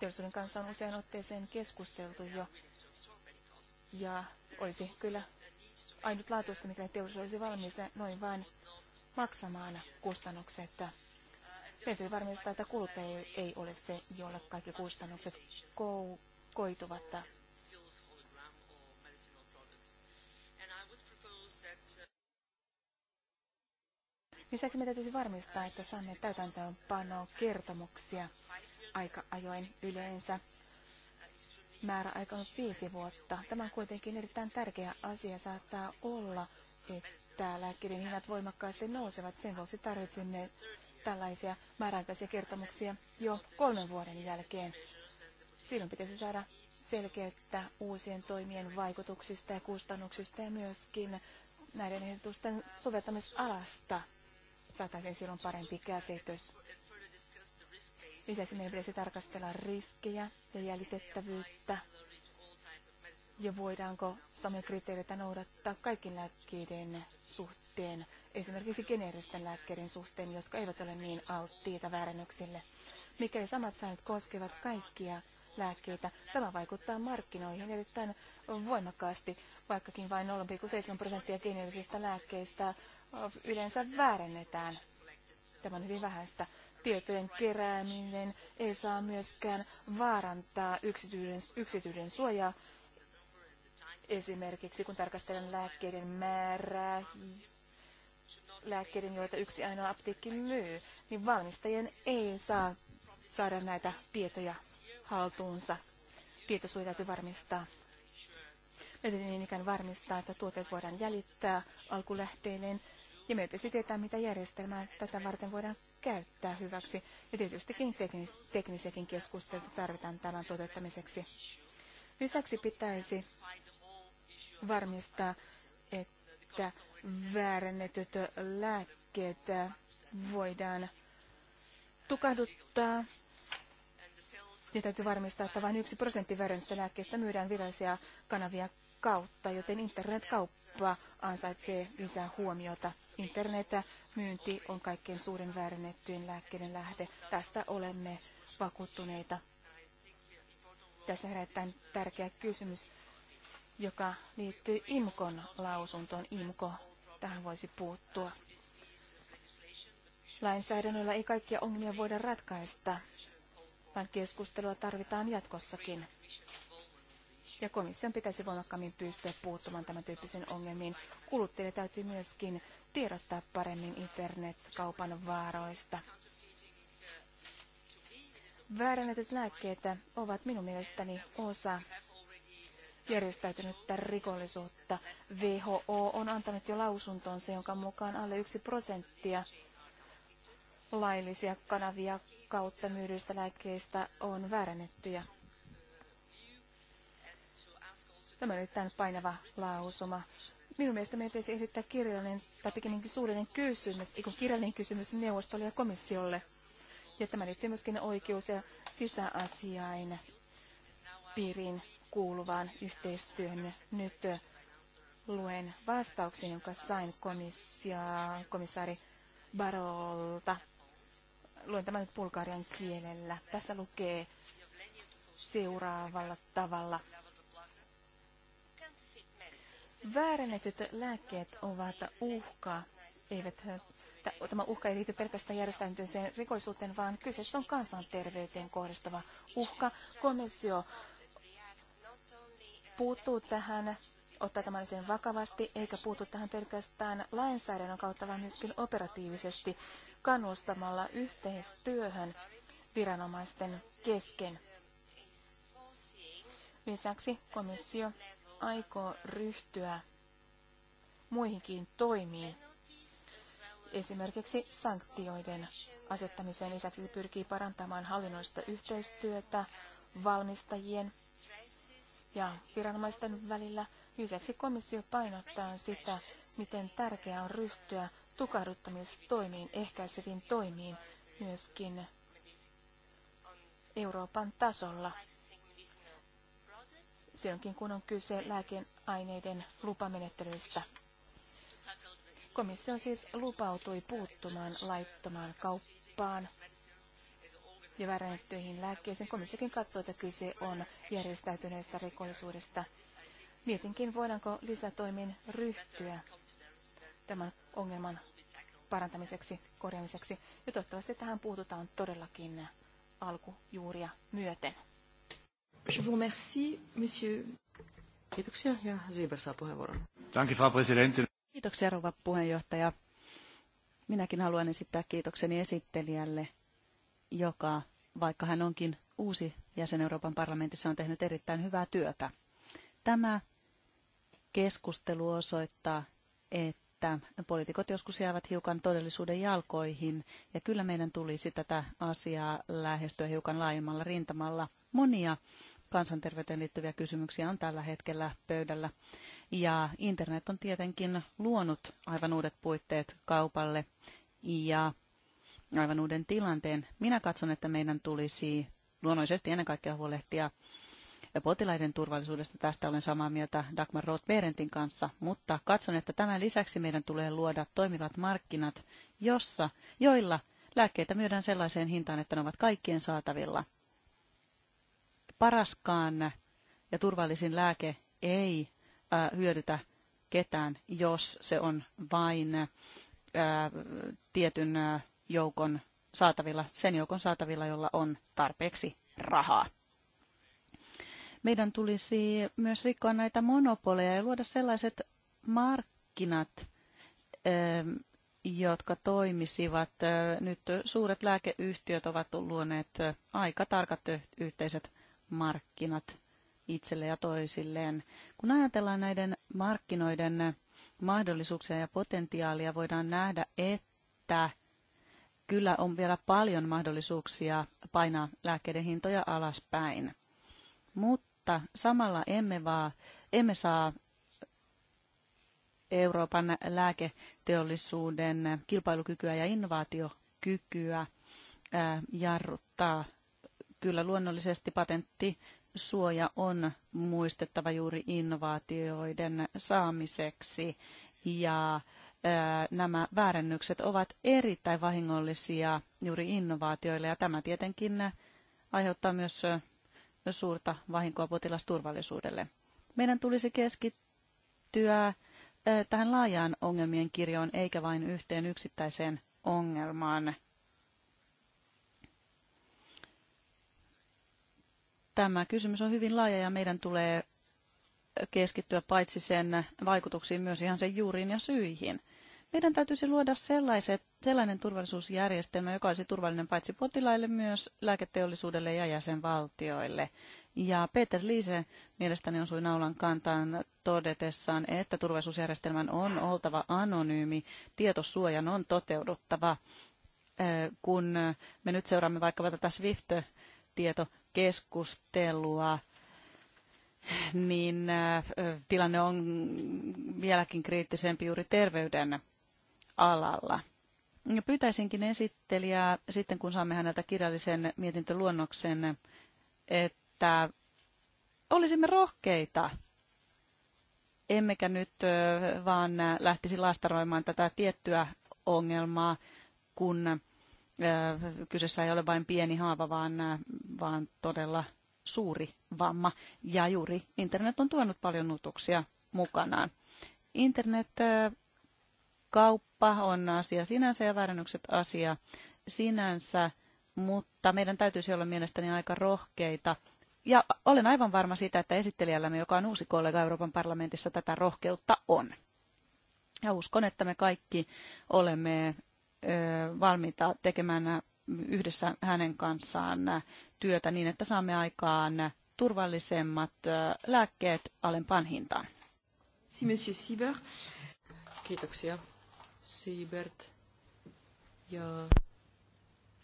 teollisuuden kanssa on usein otteeseen keskusteltu jo. Ja olisi kyllä ainutlaatuista, mikä teollisuus olisi valmis noin vain maksamaan kustannukset. Täytyy varmistaa, että kuluttaja ei ole se, jolle kaikki kustannukset koituvat. Lisäksi me täytyisi varmistaa, että saamme täytäntöönpanoa kertomuksia aika ajoin yleensä. Määräaika on viisi vuotta. Tämä on kuitenkin erittäin tärkeä asia. Saattaa olla, että lääkkeiden hinnat voimakkaasti nousevat. Sen vuoksi tarvitsemme tällaisia määräaikaisia kertomuksia jo kolmen vuoden jälkeen. Silloin pitäisi saada selkeyttä uusien toimien vaikutuksista ja kustannuksista ja myöskin näiden ehdotusten soveltamisalasta saataisiin silloin parempi käsitys. Lisäksi meidän pitäisi tarkastella riskejä ja jäljitettävyyttä ja voidaanko samoja kriteereitä noudattaa kaikkien lääkkeiden suhteen, esimerkiksi geneeristen lääkkeiden suhteen, jotka eivät ole niin alttiita väärännyksille. Mikäli samat säännöt koskevat kaikkia lääkkeitä, tämä vaikuttaa markkinoihin erittäin voimakkaasti, vaikkakin vain 0,7 prosenttia geneerisistä lääkkeistä yleensä väärennetään. Tämä on hyvin vähäistä tietojen kerääminen ei saa myöskään vaarantaa yksityisen, suojaa, esimerkiksi kun tarkastellaan lääkkeiden määrää, lääkkeiden, joita yksi ainoa apteekki myy, niin valmistajien ei saa saada näitä tietoja haltuunsa. Tietosuoja täytyy varmistaa. Täytyy niin ikään varmistaa, että tuotteet voidaan jäljittää alkulähteilleen ja meidän esitetään, tietää, mitä järjestelmää tätä varten voidaan käyttää hyväksi. Ja tietystikin teknis- teknisiäkin keskusteluja tarvitaan tämän toteuttamiseksi. Lisäksi pitäisi varmistaa, että väärennetyt lääkkeet voidaan tukahduttaa. Ja täytyy varmistaa, että vain yksi prosentti väärennetystä lääkkeistä myydään virallisia kanavia kautta, joten internetkauppa ansaitsee lisää huomiota myynti on kaikkein suurin väärennettyjen lääkkeiden lähde. Tästä olemme vakuuttuneita. Tässä herättää tärkeä kysymys, joka liittyy IMKON lausuntoon. IMKO tähän voisi puuttua. Lainsäädännöllä ei kaikkia ongelmia voida ratkaista, vaan keskustelua tarvitaan jatkossakin. Ja komission pitäisi voimakkaammin pystyä puuttumaan tämän tyyppisiin ongelmiin. Kuluttajille täytyy myöskin tiedottaa paremmin internetkaupan vaaroista. Väärännetyt lääkkeet ovat minun mielestäni osa järjestäytynyttä rikollisuutta. WHO on antanut jo lausuntonsa, jonka mukaan alle yksi prosenttia laillisia kanavia kautta myydyistä lääkkeistä on väärännettyjä. Tämä on erittäin painava lausuma. Minun mielestäni meidän pitäisi esittää kirjallinen tai pikemminkin suullinen kysymys, ei kirjallinen kysymys neuvostolle ja komissiolle. Ja tämä liittyy myöskin oikeus- ja sisäasiain piiriin kuuluvaan yhteistyöhön. Nyt luen vastauksen, jonka sain komissia, komissaari Barolta. Luen tämän nyt bulgarian kielellä. Tässä lukee seuraavalla tavalla. Väärennetyt lääkkeet ovat uhka. Eivät, tämä uhka ei liity pelkästään järjestäytyneeseen rikollisuuteen, vaan kyseessä on kansanterveyteen kohdistuva uhka. Komissio puuttuu tähän, ottaa tämän sen vakavasti, eikä puutu tähän pelkästään lainsäädännön kautta, vaan myöskin operatiivisesti kannustamalla yhteistyöhön viranomaisten kesken. Lisäksi komissio aikoo ryhtyä muihinkin toimiin. Esimerkiksi sanktioiden asettamisen lisäksi se pyrkii parantamaan hallinnoista yhteistyötä valmistajien ja viranomaisten välillä. Lisäksi komissio painottaa sitä, miten tärkeää on ryhtyä tukahduttamistoimiin, ehkäiseviin toimiin myöskin Euroopan tasolla silloinkin, kun on kyse lääkeaineiden lupamenettelyistä. Komissio siis lupautui puuttumaan laittomaan kauppaan ja väärännettyihin lääkkeisiin. Komissiokin katsoo, että kyse on järjestäytyneestä rikollisuudesta. Mietinkin, voidaanko lisätoimin ryhtyä tämän ongelman parantamiseksi, korjaamiseksi. Ja toivottavasti tähän puututaan todellakin alkujuuria myöten. Je vous remercie, monsieur. Kiitoksia ja Siiber saa puheenvuoron. Frau Präsidentin. Kiitoksia, rouva puheenjohtaja. Minäkin haluan esittää kiitokseni esittelijälle, joka, vaikka hän onkin uusi jäsen Euroopan parlamentissa, on tehnyt erittäin hyvää työtä. Tämä keskustelu osoittaa, että poliitikot joskus jäävät hiukan todellisuuden jalkoihin, ja kyllä meidän tulisi tätä asiaa lähestyä hiukan laajemmalla rintamalla. Monia kansanterveyteen liittyviä kysymyksiä on tällä hetkellä pöydällä. Ja internet on tietenkin luonut aivan uudet puitteet kaupalle ja aivan uuden tilanteen. Minä katson, että meidän tulisi luonnollisesti ennen kaikkea huolehtia potilaiden turvallisuudesta. Tästä olen samaa mieltä Dagmar Roth-Berentin kanssa, mutta katson, että tämän lisäksi meidän tulee luoda toimivat markkinat, jossa, joilla lääkkeitä myydään sellaiseen hintaan, että ne ovat kaikkien saatavilla – Paraskaan ja turvallisin lääke ei hyödytä ketään, jos se on vain tietyn joukon saatavilla, sen joukon saatavilla, jolla on tarpeeksi rahaa. Meidän tulisi myös rikkoa näitä monopoleja ja luoda sellaiset markkinat, jotka toimisivat. Nyt suuret lääkeyhtiöt ovat luoneet aika tarkat yhteiset markkinat itselle ja toisilleen. Kun ajatellaan näiden markkinoiden mahdollisuuksia ja potentiaalia, voidaan nähdä, että kyllä on vielä paljon mahdollisuuksia painaa lääkkeiden hintoja alaspäin. Mutta samalla emme, vaan, emme saa Euroopan lääketeollisuuden kilpailukykyä ja innovaatiokykyä jarruttaa kyllä luonnollisesti patenttisuoja on muistettava juuri innovaatioiden saamiseksi ja nämä väärennykset ovat erittäin vahingollisia juuri innovaatioille ja tämä tietenkin aiheuttaa myös suurta vahinkoa potilasturvallisuudelle. Meidän tulisi keskittyä tähän laajaan ongelmien kirjoon eikä vain yhteen yksittäiseen ongelmaan. Tämä kysymys on hyvin laaja ja meidän tulee keskittyä paitsi sen vaikutuksiin myös ihan sen juuriin ja syihin. Meidän täytyisi luoda sellaiset, sellainen turvallisuusjärjestelmä, joka olisi turvallinen paitsi potilaille, myös lääketeollisuudelle ja jäsenvaltioille. Ja Peter Liise mielestäni osui naulan kantaan todetessaan, että turvallisuusjärjestelmän on oltava anonyymi, tietosuojan on toteuduttava. Kun me nyt seuraamme vaikkapa tätä SWIFT-tieto keskustelua, niin äh, tilanne on vieläkin kriittisempi juuri terveyden alalla. Ja pyytäisinkin esittelijää, sitten kun saamme häneltä kirjallisen mietintöluonnoksen, että olisimme rohkeita, emmekä nyt äh, vaan lähtisi lastaroimaan tätä tiettyä ongelmaa, kun Kyseessä ei ole vain pieni haava, vaan, vaan todella suuri vamma. Ja juuri internet on tuonut paljon nutuksia mukanaan. Internetkauppa on asia sinänsä ja väärännykset asia sinänsä, mutta meidän täytyisi olla mielestäni aika rohkeita. Ja olen aivan varma siitä, että esittelijällämme, joka on uusi kollega Euroopan parlamentissa, tätä rohkeutta on. Ja uskon, että me kaikki olemme valmiita tekemään yhdessä hänen kanssaan työtä niin, että saamme aikaan turvallisemmat lääkkeet alempaan hintaan. Si, monsieur Sieber. Kiitoksia, Siebert. Ja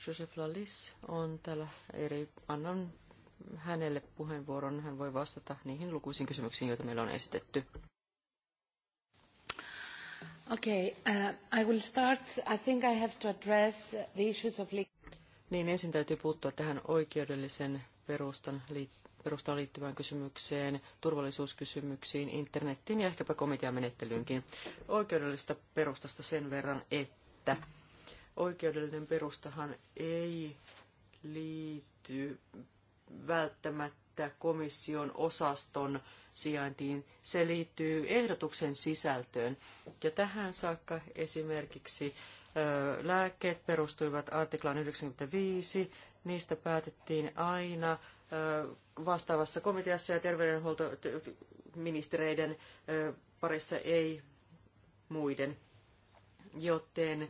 Joseph Lallis on täällä eri. Annan hänelle puheenvuoron. Hän voi vastata niihin lukuisiin kysymyksiin, joita meillä on esitetty. Okay, uh, I will start. I think I have to address the issues of Niin ensin täytyy puuttua tähän oikeudellisen perustan perustaan liittyvään kysymykseen, turvallisuuskysymyksiin, internettiin ja ehkäpä komiteamenettelyynkin. Oikeudellisesta perustasta sen verran, että oikeudellinen perustahan ei liity välttämättä että komission osaston sijaintiin, se liittyy ehdotuksen sisältöön. Ja tähän saakka esimerkiksi lääkkeet perustuivat artiklaan 95, niistä päätettiin aina vastaavassa komiteassa ja terveydenhuoltoministereiden parissa ei muiden. Joten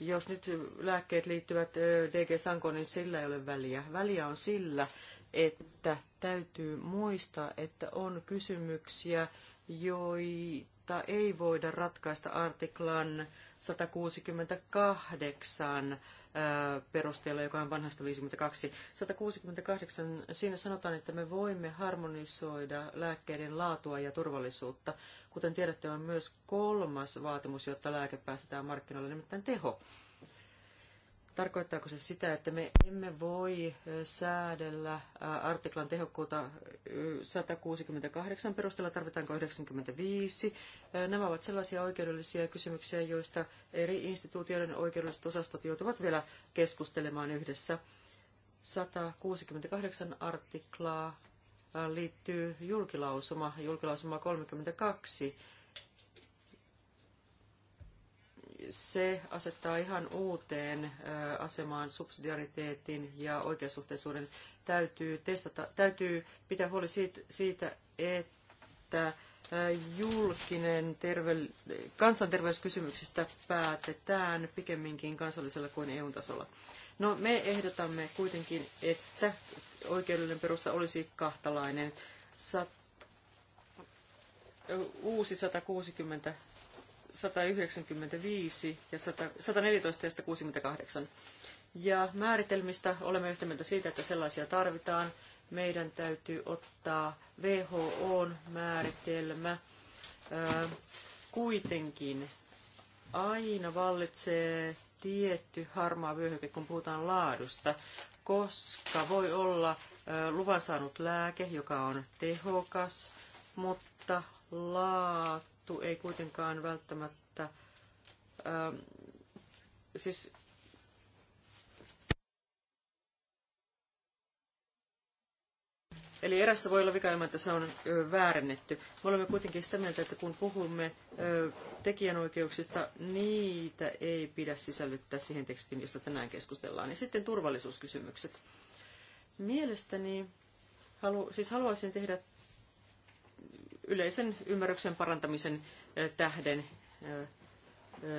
jos nyt lääkkeet liittyvät DG Sankoon, niin sillä ei ole väliä. Väliä on sillä, että täytyy muistaa, että on kysymyksiä, joita ei voida ratkaista artiklan 168 äh, perusteella, joka on vanhasta 52. 168, siinä sanotaan, että me voimme harmonisoida lääkkeiden laatua ja turvallisuutta. Kuten tiedätte, on myös kolmas vaatimus, jotta lääke päästetään markkinoille, nimittäin teho tarkoittaako se sitä, että me emme voi säädellä artiklan tehokkuutta 168 perusteella, tarvitaanko 95? Nämä ovat sellaisia oikeudellisia kysymyksiä, joista eri instituutioiden oikeudelliset osastot joutuvat vielä keskustelemaan yhdessä. 168 artiklaa liittyy julkilausuma, julkilausuma 32 se asettaa ihan uuteen asemaan subsidiariteetin ja oikeasuhteisuuden. Täytyy, testata, täytyy pitää huoli siitä, siitä että julkinen terve, kansanterveyskysymyksistä päätetään pikemminkin kansallisella kuin EU-tasolla. No, me ehdotamme kuitenkin, että oikeudellinen perusta olisi kahtalainen. Sat, uusi 160 195 ja 100, 114 ja 168. Ja määritelmistä olemme yhtä mieltä siitä, että sellaisia tarvitaan. Meidän täytyy ottaa WHOn määritelmä. Kuitenkin aina vallitsee tietty harmaa vyöhyke, kun puhutaan laadusta, koska voi olla luvan saanut lääke, joka on tehokas, mutta laatu juttu ei kuitenkaan välttämättä, ähm, siis Eli erässä voi olla vika ilman, että se on väärennetty. Me olemme kuitenkin sitä mieltä, että kun puhumme tekijänoikeuksista, niitä ei pidä sisällyttää siihen tekstiin, josta tänään keskustellaan. Ja sitten turvallisuuskysymykset. Mielestäni halu, siis haluaisin tehdä yleisen ymmärryksen parantamisen tähden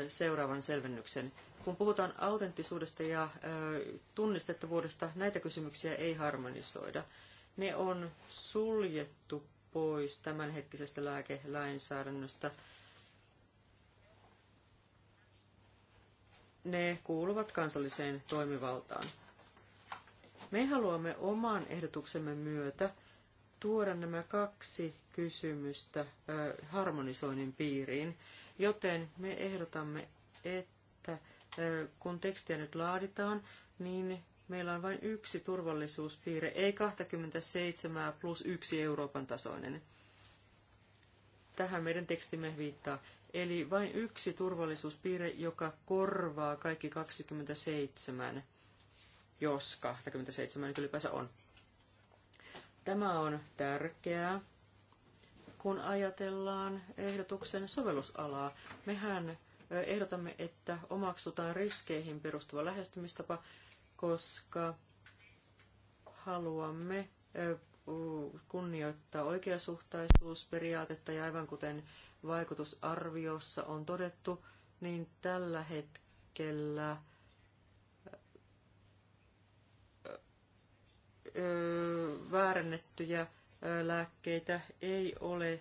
seuraavan selvennyksen. Kun puhutaan autenttisuudesta ja tunnistettavuudesta, näitä kysymyksiä ei harmonisoida. Ne on suljettu pois tämänhetkisestä lääkelainsäädännöstä. Ne kuuluvat kansalliseen toimivaltaan. Me haluamme oman ehdotuksemme myötä tuoda nämä kaksi kysymystä harmonisoinnin piiriin, joten me ehdotamme, että kun tekstiä nyt laaditaan, niin meillä on vain yksi turvallisuuspiiri, ei 27 plus yksi Euroopan tasoinen. Tähän meidän tekstimme viittaa. Eli vain yksi turvallisuuspiire, joka korvaa kaikki 27, jos 27 nyt ylipäänsä on. Tämä on tärkeää kun ajatellaan ehdotuksen sovellusalaa. Mehän ehdotamme, että omaksutaan riskeihin perustuva lähestymistapa, koska haluamme kunnioittaa oikeasuhtaisuusperiaatetta ja aivan kuten vaikutusarviossa on todettu, niin tällä hetkellä väärennettyjä lääkkeitä ei ole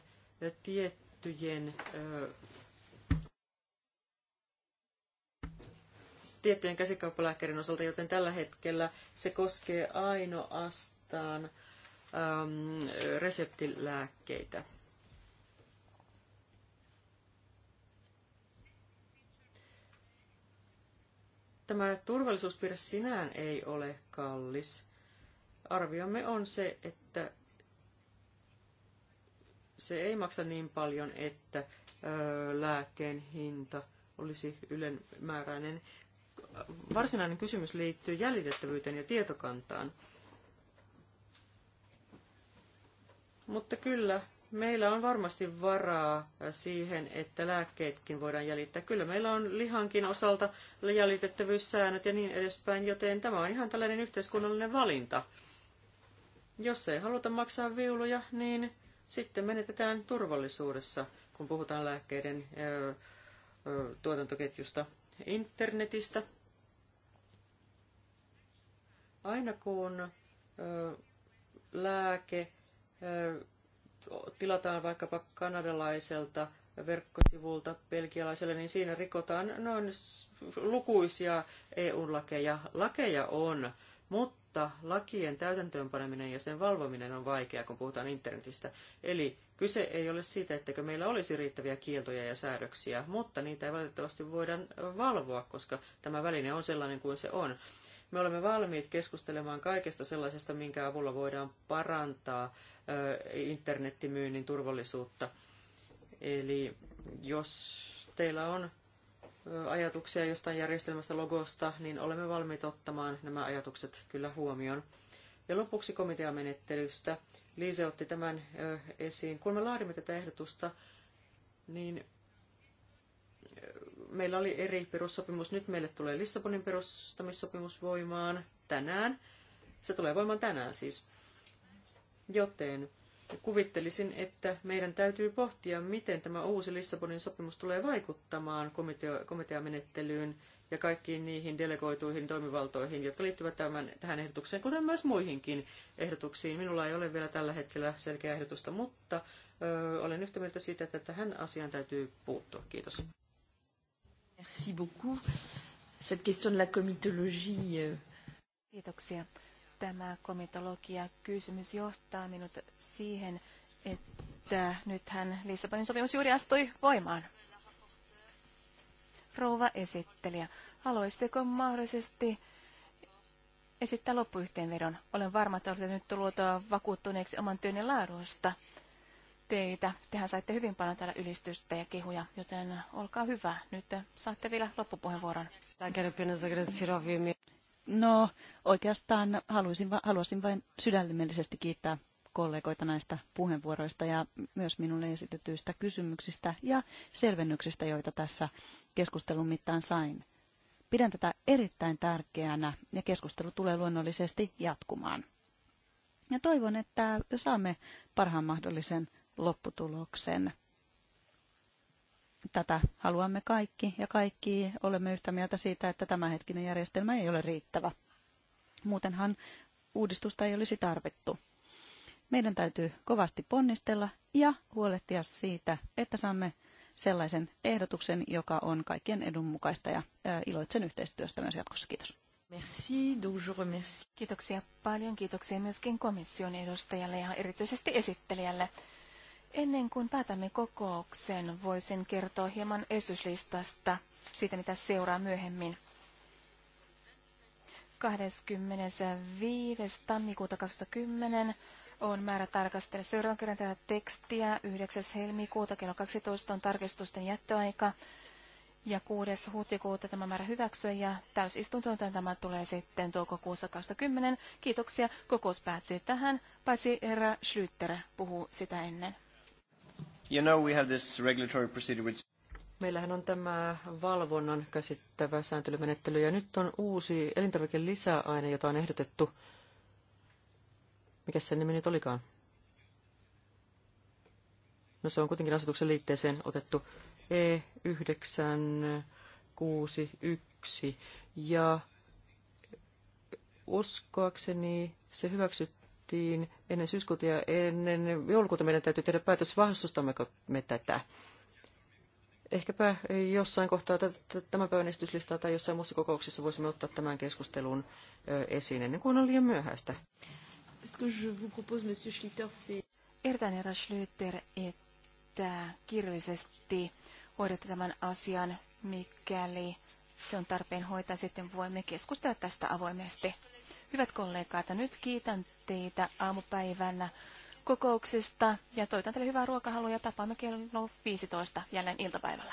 tiettyjen, tiettyjen käsikauppalääkkeiden osalta, joten tällä hetkellä se koskee ainoastaan reseptilääkkeitä. Tämä turvallisuuspiirre sinään ei ole kallis. Arviomme on se, että se ei maksa niin paljon, että lääkkeen hinta olisi ylenmääräinen. Varsinainen kysymys liittyy jäljitettävyyteen ja tietokantaan. Mutta kyllä, meillä on varmasti varaa siihen, että lääkkeetkin voidaan jäljittää. Kyllä meillä on lihankin osalta jäljitettävyyssäännöt ja niin edespäin, joten tämä on ihan tällainen yhteiskunnallinen valinta. Jos ei haluta maksaa viuluja, niin sitten menetetään turvallisuudessa, kun puhutaan lääkkeiden tuotantoketjusta internetistä. Aina kun lääke tilataan vaikkapa kanadalaiselta verkkosivulta belgialaiselle, niin siinä rikotaan noin lukuisia EU-lakeja. Lakeja on, mutta mutta lakien täytäntöönpaneminen ja sen valvominen on vaikeaa, kun puhutaan internetistä. Eli kyse ei ole siitä, etteikö meillä olisi riittäviä kieltoja ja säädöksiä, mutta niitä ei valitettavasti voida valvoa, koska tämä väline on sellainen kuin se on. Me olemme valmiit keskustelemaan kaikesta sellaisesta, minkä avulla voidaan parantaa internettimyynnin turvallisuutta. Eli jos teillä on ajatuksia jostain järjestelmästä, logosta, niin olemme valmiit ottamaan nämä ajatukset kyllä huomioon. Ja lopuksi komiteamenettelystä. Liise otti tämän esiin. Kun me laadimme tätä ehdotusta, niin meillä oli eri perussopimus. Nyt meille tulee Lissabonin perustamissopimus voimaan tänään. Se tulee voimaan tänään siis. Joten kuvittelisin, että meidän täytyy pohtia, miten tämä uusi Lissabonin sopimus tulee vaikuttamaan komitea- komiteamenettelyyn ja kaikkiin niihin delegoituihin toimivaltoihin, jotka liittyvät tämän, tähän ehdotukseen, kuten myös muihinkin ehdotuksiin. Minulla ei ole vielä tällä hetkellä selkeää ehdotusta, mutta ö, olen yhtä mieltä siitä, että tähän asiaan täytyy puuttua. Kiitos. Merci beaucoup. Cette question de la comitologie. Euh, Kiitoksia tämä komitologia kysymys johtaa minut siihen, että nythän Lissabonin sopimus juuri astui voimaan. Rouva esittelijä, haluaisitteko mahdollisesti esittää loppuyhteenvedon? Olen varma, että olette nyt tullut vakuuttuneeksi oman työnne laadusta teitä. Tehän saitte hyvin paljon täällä ylistystä ja kehuja, joten olkaa hyvä. Nyt saatte vielä loppupuheenvuoron. No oikeastaan haluaisin, haluaisin vain sydämellisesti kiittää kollegoita näistä puheenvuoroista ja myös minulle esitetyistä kysymyksistä ja selvennyksistä, joita tässä keskustelun mittaan sain. Pidän tätä erittäin tärkeänä ja keskustelu tulee luonnollisesti jatkumaan. Ja toivon, että saamme parhaan mahdollisen lopputuloksen. Tätä haluamme kaikki ja kaikki olemme yhtä mieltä siitä, että tämänhetkinen järjestelmä ei ole riittävä. Muutenhan uudistusta ei olisi tarvittu. Meidän täytyy kovasti ponnistella ja huolehtia siitä, että saamme sellaisen ehdotuksen, joka on kaikkien edun mukaista ja iloitsen yhteistyöstä myös jatkossa. Kiitos. Merci, Kiitoksia paljon. Kiitoksia myöskin komission edustajalle ja erityisesti esittelijälle. Ennen kuin päätämme kokouksen, voisin kertoa hieman esityslistasta siitä, mitä seuraa myöhemmin. 25. tammikuuta 2010 on määrä tarkastella seuraavan kerran tätä tekstiä. 9. helmikuuta kello 12 on tarkistusten jättöaika. Ja 6. huhtikuuta tämä määrä hyväksyä ja täysistuntoon tämä tulee sitten toukokuussa 2010. Kiitoksia. Kokous päättyy tähän, paitsi herra Schlüter puhuu sitä ennen. You know we have this regulatory procedure which... Meillähän on tämä valvonnan käsittävä sääntelymenettely ja nyt on uusi elintarvikelisäaine, jota on ehdotettu. Mikä sen nimi nyt olikaan? No se on kuitenkin asetuksen liitteeseen otettu E961 ja uskoakseni se hyväksyttiin tehtiin ennen syyskuuta ja ennen joulukuuta meidän täytyy tehdä päätös, vastustammeko me tätä. Ehkäpä jossain kohtaa tämän päivän esityslistaa tai jossain muussa kokouksessa voisimme ottaa tämän keskustelun esiin ennen kuin on liian myöhäistä. Ehdotan herra Schlüter, että kirjallisesti hoidatte tämän asian, mikäli se on tarpeen hoitaa, sitten voimme keskustella tästä avoimesti. Hyvät kollegat, nyt kiitän teitä aamupäivänä kokouksesta ja toivotan teille hyvää ruokahalua ja tapaamme kello 15 jälleen iltapäivällä.